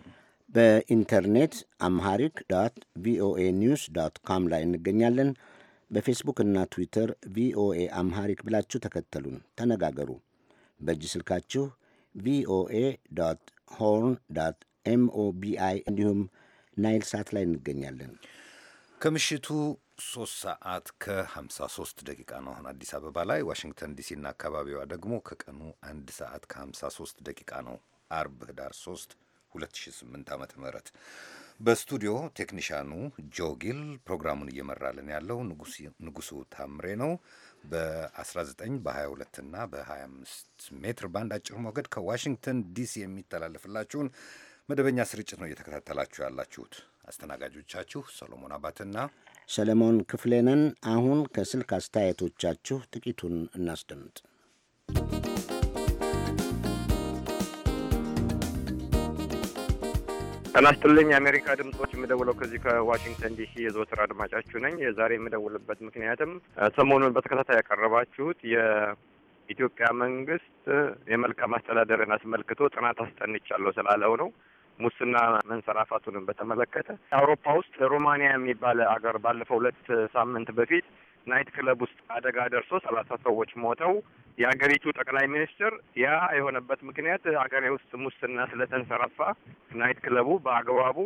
በኢንተርኔት አምሃሪክ ዳት ቪኦኤ ኒውስ ዳት ካም ላይ እንገኛለን። በፌስቡክ እና ትዊተር ቪኦኤ አምሃሪክ ብላችሁ ተከተሉን፣ ተነጋገሩ። በእጅ ስልካችሁ ቪኦኤ ዶት ሆርን ዶት ኤምኦቢአይ እንዲሁም ናይል ሳት ላይ እንገኛለን። ከምሽቱ ሶስት ሰዓት ከ53 ደቂቃ ነው አሁን አዲስ አበባ ላይ። ዋሽንግተን ዲሲና አካባቢዋ ደግሞ ከቀኑ አንድ ሰዓት ከ53 ደቂቃ ነው አርብ ህዳር 3 2008 ዓ ም በስቱዲዮ ቴክኒሻኑ ጆጊል ፕሮግራሙን እየመራልን ያለው ንጉሱ ታምሬ ነው። በ19 በ22 እና በ25 ሜትር ባንድ አጭር ሞገድ ከዋሽንግተን ዲሲ የሚተላለፍላችሁን መደበኛ ስርጭት ነው እየተከታተላችሁ ያላችሁት። አስተናጋጆቻችሁ ሰሎሞን አባትና ሰለሞን ክፍሌነን። አሁን ከስልክ አስተያየቶቻችሁ ጥቂቱን እናስደምጥ። ጤና የአሜሪካ ድምጾች፣ የምደውለው ከዚህ ከዋሽንግተን ዲሲ የዘወትር አድማጫችሁ ነኝ። ዛሬ የምደውልበት ምክንያትም ሰሞኑን በተከታታይ ያቀረባችሁት የኢትዮጵያ መንግስት የመልካም አስተዳደርን አስመልክቶ ጥናት አስጠንቻለሁ ስላለው ነው። ሙስና መንሰራፋቱንም በተመለከተ አውሮፓ ውስጥ ሮማንያ የሚባል አገር ባለፈው ሁለት ሳምንት በፊት ናይት ክለብ ውስጥ አደጋ ደርሶ ሰላሳ ሰዎች ሞተው የሀገሪቱ ጠቅላይ ሚኒስትር ያ የሆነበት ምክንያት ሀገሬ ውስጥ ሙስና ስለተንሰራፋ ናይት ክለቡ በአግባቡ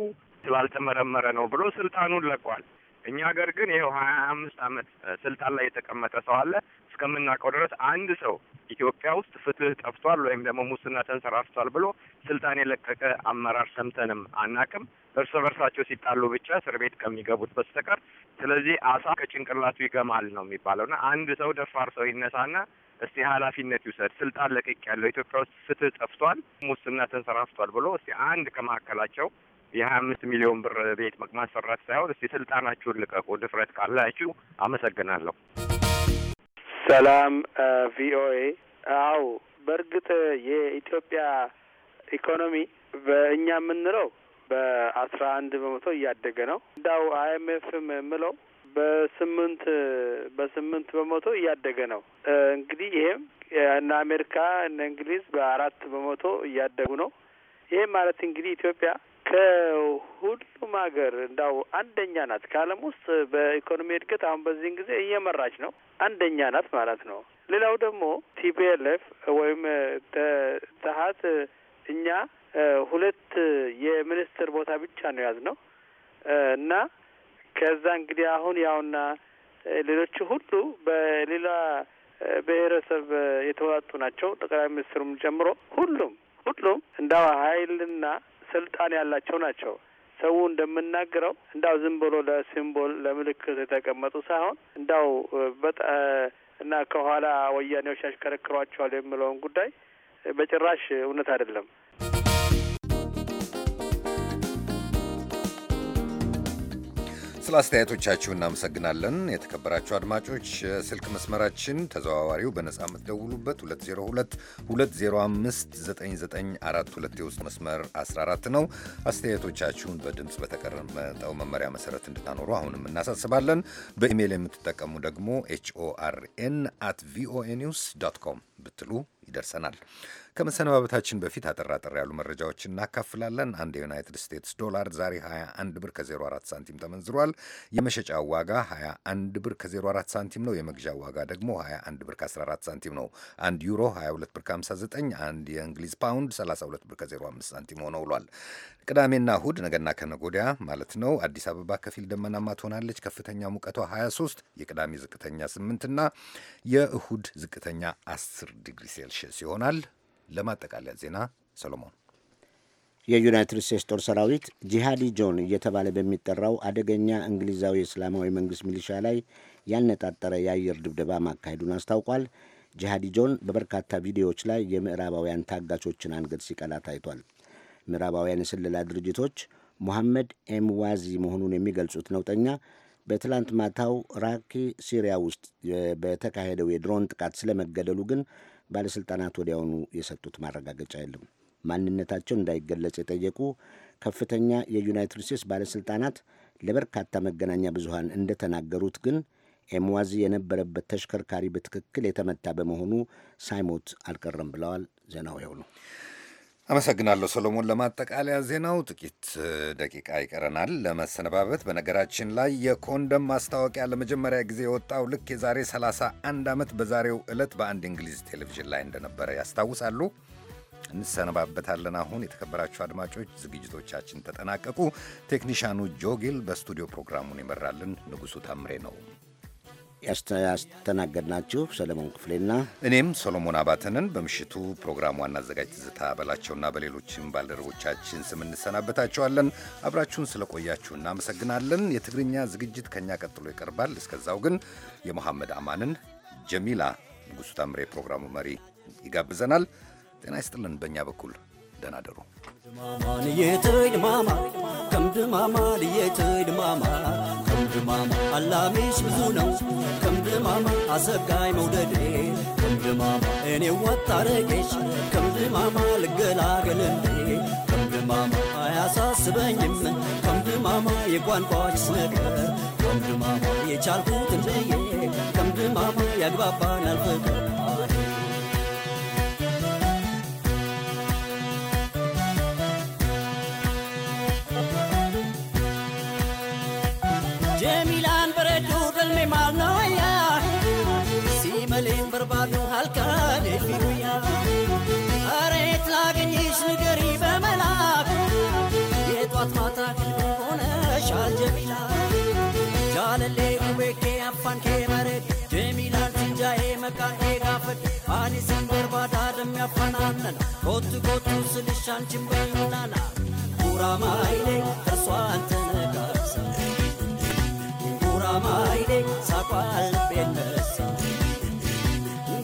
ስላልተመረመረ ነው ብሎ ስልጣኑን ለቋል። እኛ ሀገር ግን ይኸው ሀያ አምስት አመት ስልጣን ላይ የተቀመጠ ሰው አለ። እስከምናውቀው ድረስ አንድ ሰው ኢትዮጵያ ውስጥ ፍትህ ጠፍቷል ወይም ደግሞ ሙስና ተንሰራፍቷል ብሎ ስልጣን የለቀቀ አመራር ሰምተንም አናቅም። እርስ በርሳቸው ሲጣሉ ብቻ እስር ቤት ከሚገቡት በስተቀር። ስለዚህ አሳ ከጭንቅላቱ ይገማል ነው የሚባለው የሚባለውና አንድ ሰው ደፋር ሰው ይነሳና እስቲ ኃላፊነት ይውሰድ። ስልጣን ለቅቅ ያለው ኢትዮጵያ ውስጥ ፍትህ ጠፍቷል፣ ሙስና ተንሰራፍቷል ብሎ እስቲ አንድ ከመካከላቸው የሀያ አምስት ሚሊዮን ብር ቤት ማሰራት ሳይሆን እስቲ ስልጣናችሁን ልቀቁ፣ ድፍረት ካላችሁ። አመሰግናለሁ። ሰላም ቪኦኤ። አዎ በእርግጥ የኢትዮጵያ ኢኮኖሚ በእኛ የምንለው በአስራ አንድ በመቶ እያደገ ነው። እንዳው አይኤምኤፍም የምለው በስምንት በስምንት በመቶ እያደገ ነው። እንግዲህ ይሄም እነ አሜሪካ እነ እንግሊዝ በአራት በመቶ እያደጉ ነው። ይሄም ማለት እንግዲህ ኢትዮጵያ ከሁሉም ሀገር እንዳው አንደኛ ናት። ከዓለም ውስጥ በኢኮኖሚ እድገት አሁን በዚህን ጊዜ እየመራች ነው። አንደኛ ናት ማለት ነው። ሌላው ደግሞ ቲፒኤልኤፍ ወይም ተሀት እኛ ሁለት የሚኒስትር ቦታ ብቻ ነው የያዝነው እና ከዛ እንግዲህ አሁን ያውና ሌሎቹ ሁሉ በሌላ ብሔረሰብ የተወጣጡ ናቸው። ጠቅላይ ሚኒስትሩም ጨምሮ ሁሉም ሁሉም እንዳው ሀይልና ስልጣን ያላቸው ናቸው። ሰው እንደምናገረው እንዳው ዝም ብሎ ለሲምቦል ለምልክት የተቀመጡ ሳይሆን እንዳው በጣ እና ከኋላ ወያኔዎች ያሽከረክሯቸዋል የሚለውን ጉዳይ በጭራሽ እውነት አይደለም። ስለ አስተያየቶቻችሁ እናመሰግናለን። የተከበራችሁ አድማጮች ስልክ መስመራችን ተዘዋዋሪው በነጻ የምትደውሉበት 2022059942 የውስጥ መስመር 14 ነው። አስተያየቶቻችሁን በድምፅ በተቀረመጠው መመሪያ መሰረት እንድታኖሩ አሁንም እናሳስባለን። በኢሜይል የምትጠቀሙ ደግሞ ኤችኦአርኤን አት ቪኦኤ ኒውስ ዶት ኮም ብትሉ ይደርሰናል። ከመሰነባበታችን በፊት አጠራጠር ያሉ መረጃዎች እናካፍላለን። አንድ የዩናይትድ ስቴትስ ዶላር ዛሬ 21 ብር ከ04 ሳንቲም ተመንዝሯል። የመሸጫው ዋጋ 21 ብር ከ04 ሳንቲም ነው። የመግዣ ዋጋ ደግሞ 21 ብር ከ14 ሳንቲም ነው። አንድ ዩሮ 22 ብር ከ59፣ አንድ የእንግሊዝ ፓውንድ 32 ብር ከ05 ሳንቲም ሆኖ ውሏል። ቅዳሜና እሁድ ነገና ከነጎዲያ ማለት ነው። አዲስ አበባ ከፊል ደመናማ ትሆናለች። ከፍተኛ ሙቀቷ 23፣ የቅዳሜ ዝቅተኛ 8 እና የእሁድ ዝቅተኛ 10 ዲግሪ ሴልሽየስ ይሆናል። ለማጠቃለያ ዜና ሰሎሞን። የዩናይትድ ስቴትስ ጦር ሰራዊት ጂሃዲ ጆን እየተባለ በሚጠራው አደገኛ እንግሊዛዊ እስላማዊ መንግስት ሚሊሻ ላይ ያነጣጠረ የአየር ድብደባ ማካሄዱን አስታውቋል። ጂሃዲ ጆን በበርካታ ቪዲዮዎች ላይ የምዕራባውያን ታጋቾችን አንገት ሲቀላ ታይቷል። ምዕራባውያን የስለላ ድርጅቶች ሙሐመድ ኤምዋዚ መሆኑን የሚገልጹት ነውጠኛ በትላንት ማታው ራኪ ሲሪያ ውስጥ በተካሄደው የድሮን ጥቃት ስለመገደሉ ግን ባለሥልጣናት ወዲያውኑ የሰጡት ማረጋገጫ የለም። ማንነታቸው እንዳይገለጽ የጠየቁ ከፍተኛ የዩናይትድ ስቴትስ ባለሥልጣናት ለበርካታ መገናኛ ብዙሃን እንደተናገሩት ግን ኤምዋዚ የነበረበት ተሽከርካሪ በትክክል የተመታ በመሆኑ ሳይሞት አልቀረም ብለዋል። ዜናው ይኸው ነው። አመሰግናለሁ ሰሎሞን። ለማጠቃለያ ዜናው ጥቂት ደቂቃ ይቀረናል ለመሰነባበት። በነገራችን ላይ የኮንደም ማስታወቂያ ለመጀመሪያ ጊዜ የወጣው ልክ የዛሬ 31 ዓመት በዛሬው ዕለት በአንድ እንግሊዝ ቴሌቪዥን ላይ እንደነበረ ያስታውሳሉ። እንሰነባበታለን። አሁን የተከበራችሁ አድማጮች ዝግጅቶቻችን ተጠናቀቁ። ቴክኒሻኑ ጆጊል በስቱዲዮ ፕሮግራሙን ይመራልን። ንጉሡ ታምሬ ነው። ያስተናገድናችሁ ሰለሞን ክፍሌና እኔም ሰሎሞን አባተንን በምሽቱ ፕሮግራም ዋና አዘጋጅ ትዝታ በላቸውና በሌሎችም ባልደረቦቻችን ስም እንሰናበታቸዋለን። አብራችሁን ስለቆያችሁ እናመሰግናለን። የትግርኛ ዝግጅት ከእኛ ቀጥሎ ይቀርባል። እስከዛው ግን የመሐመድ አማንን ጀሚላ ንጉሡ ታምሬ ፕሮግራሙ መሪ ይጋብዘናል። ጤና ይስጥልን በእኛ በኩል ደህና ደሩ። አላሚሽ ብዙ ነው ከምድማማ አሰጋይ መውደዴ ከምድማማ እኔ ወጣረቄሽ ከምድማማ ልገላገልንዴ ከምድማማ አያሳስበኝም ከምድማማ የቋንቋችስ ነገር ከምድማማ የቻልኩትን ብዬ ከምድማማ ያግባባናል ፍቅር ጎት ጎት ስልሽ አንቺን በይውላላ ጉራ ማይሌ እርሷ አልተነጋሳ ጉራ ሳቋል ቤለስ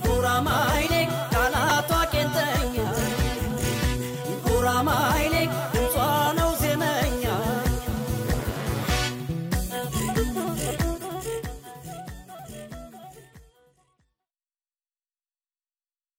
ጉራ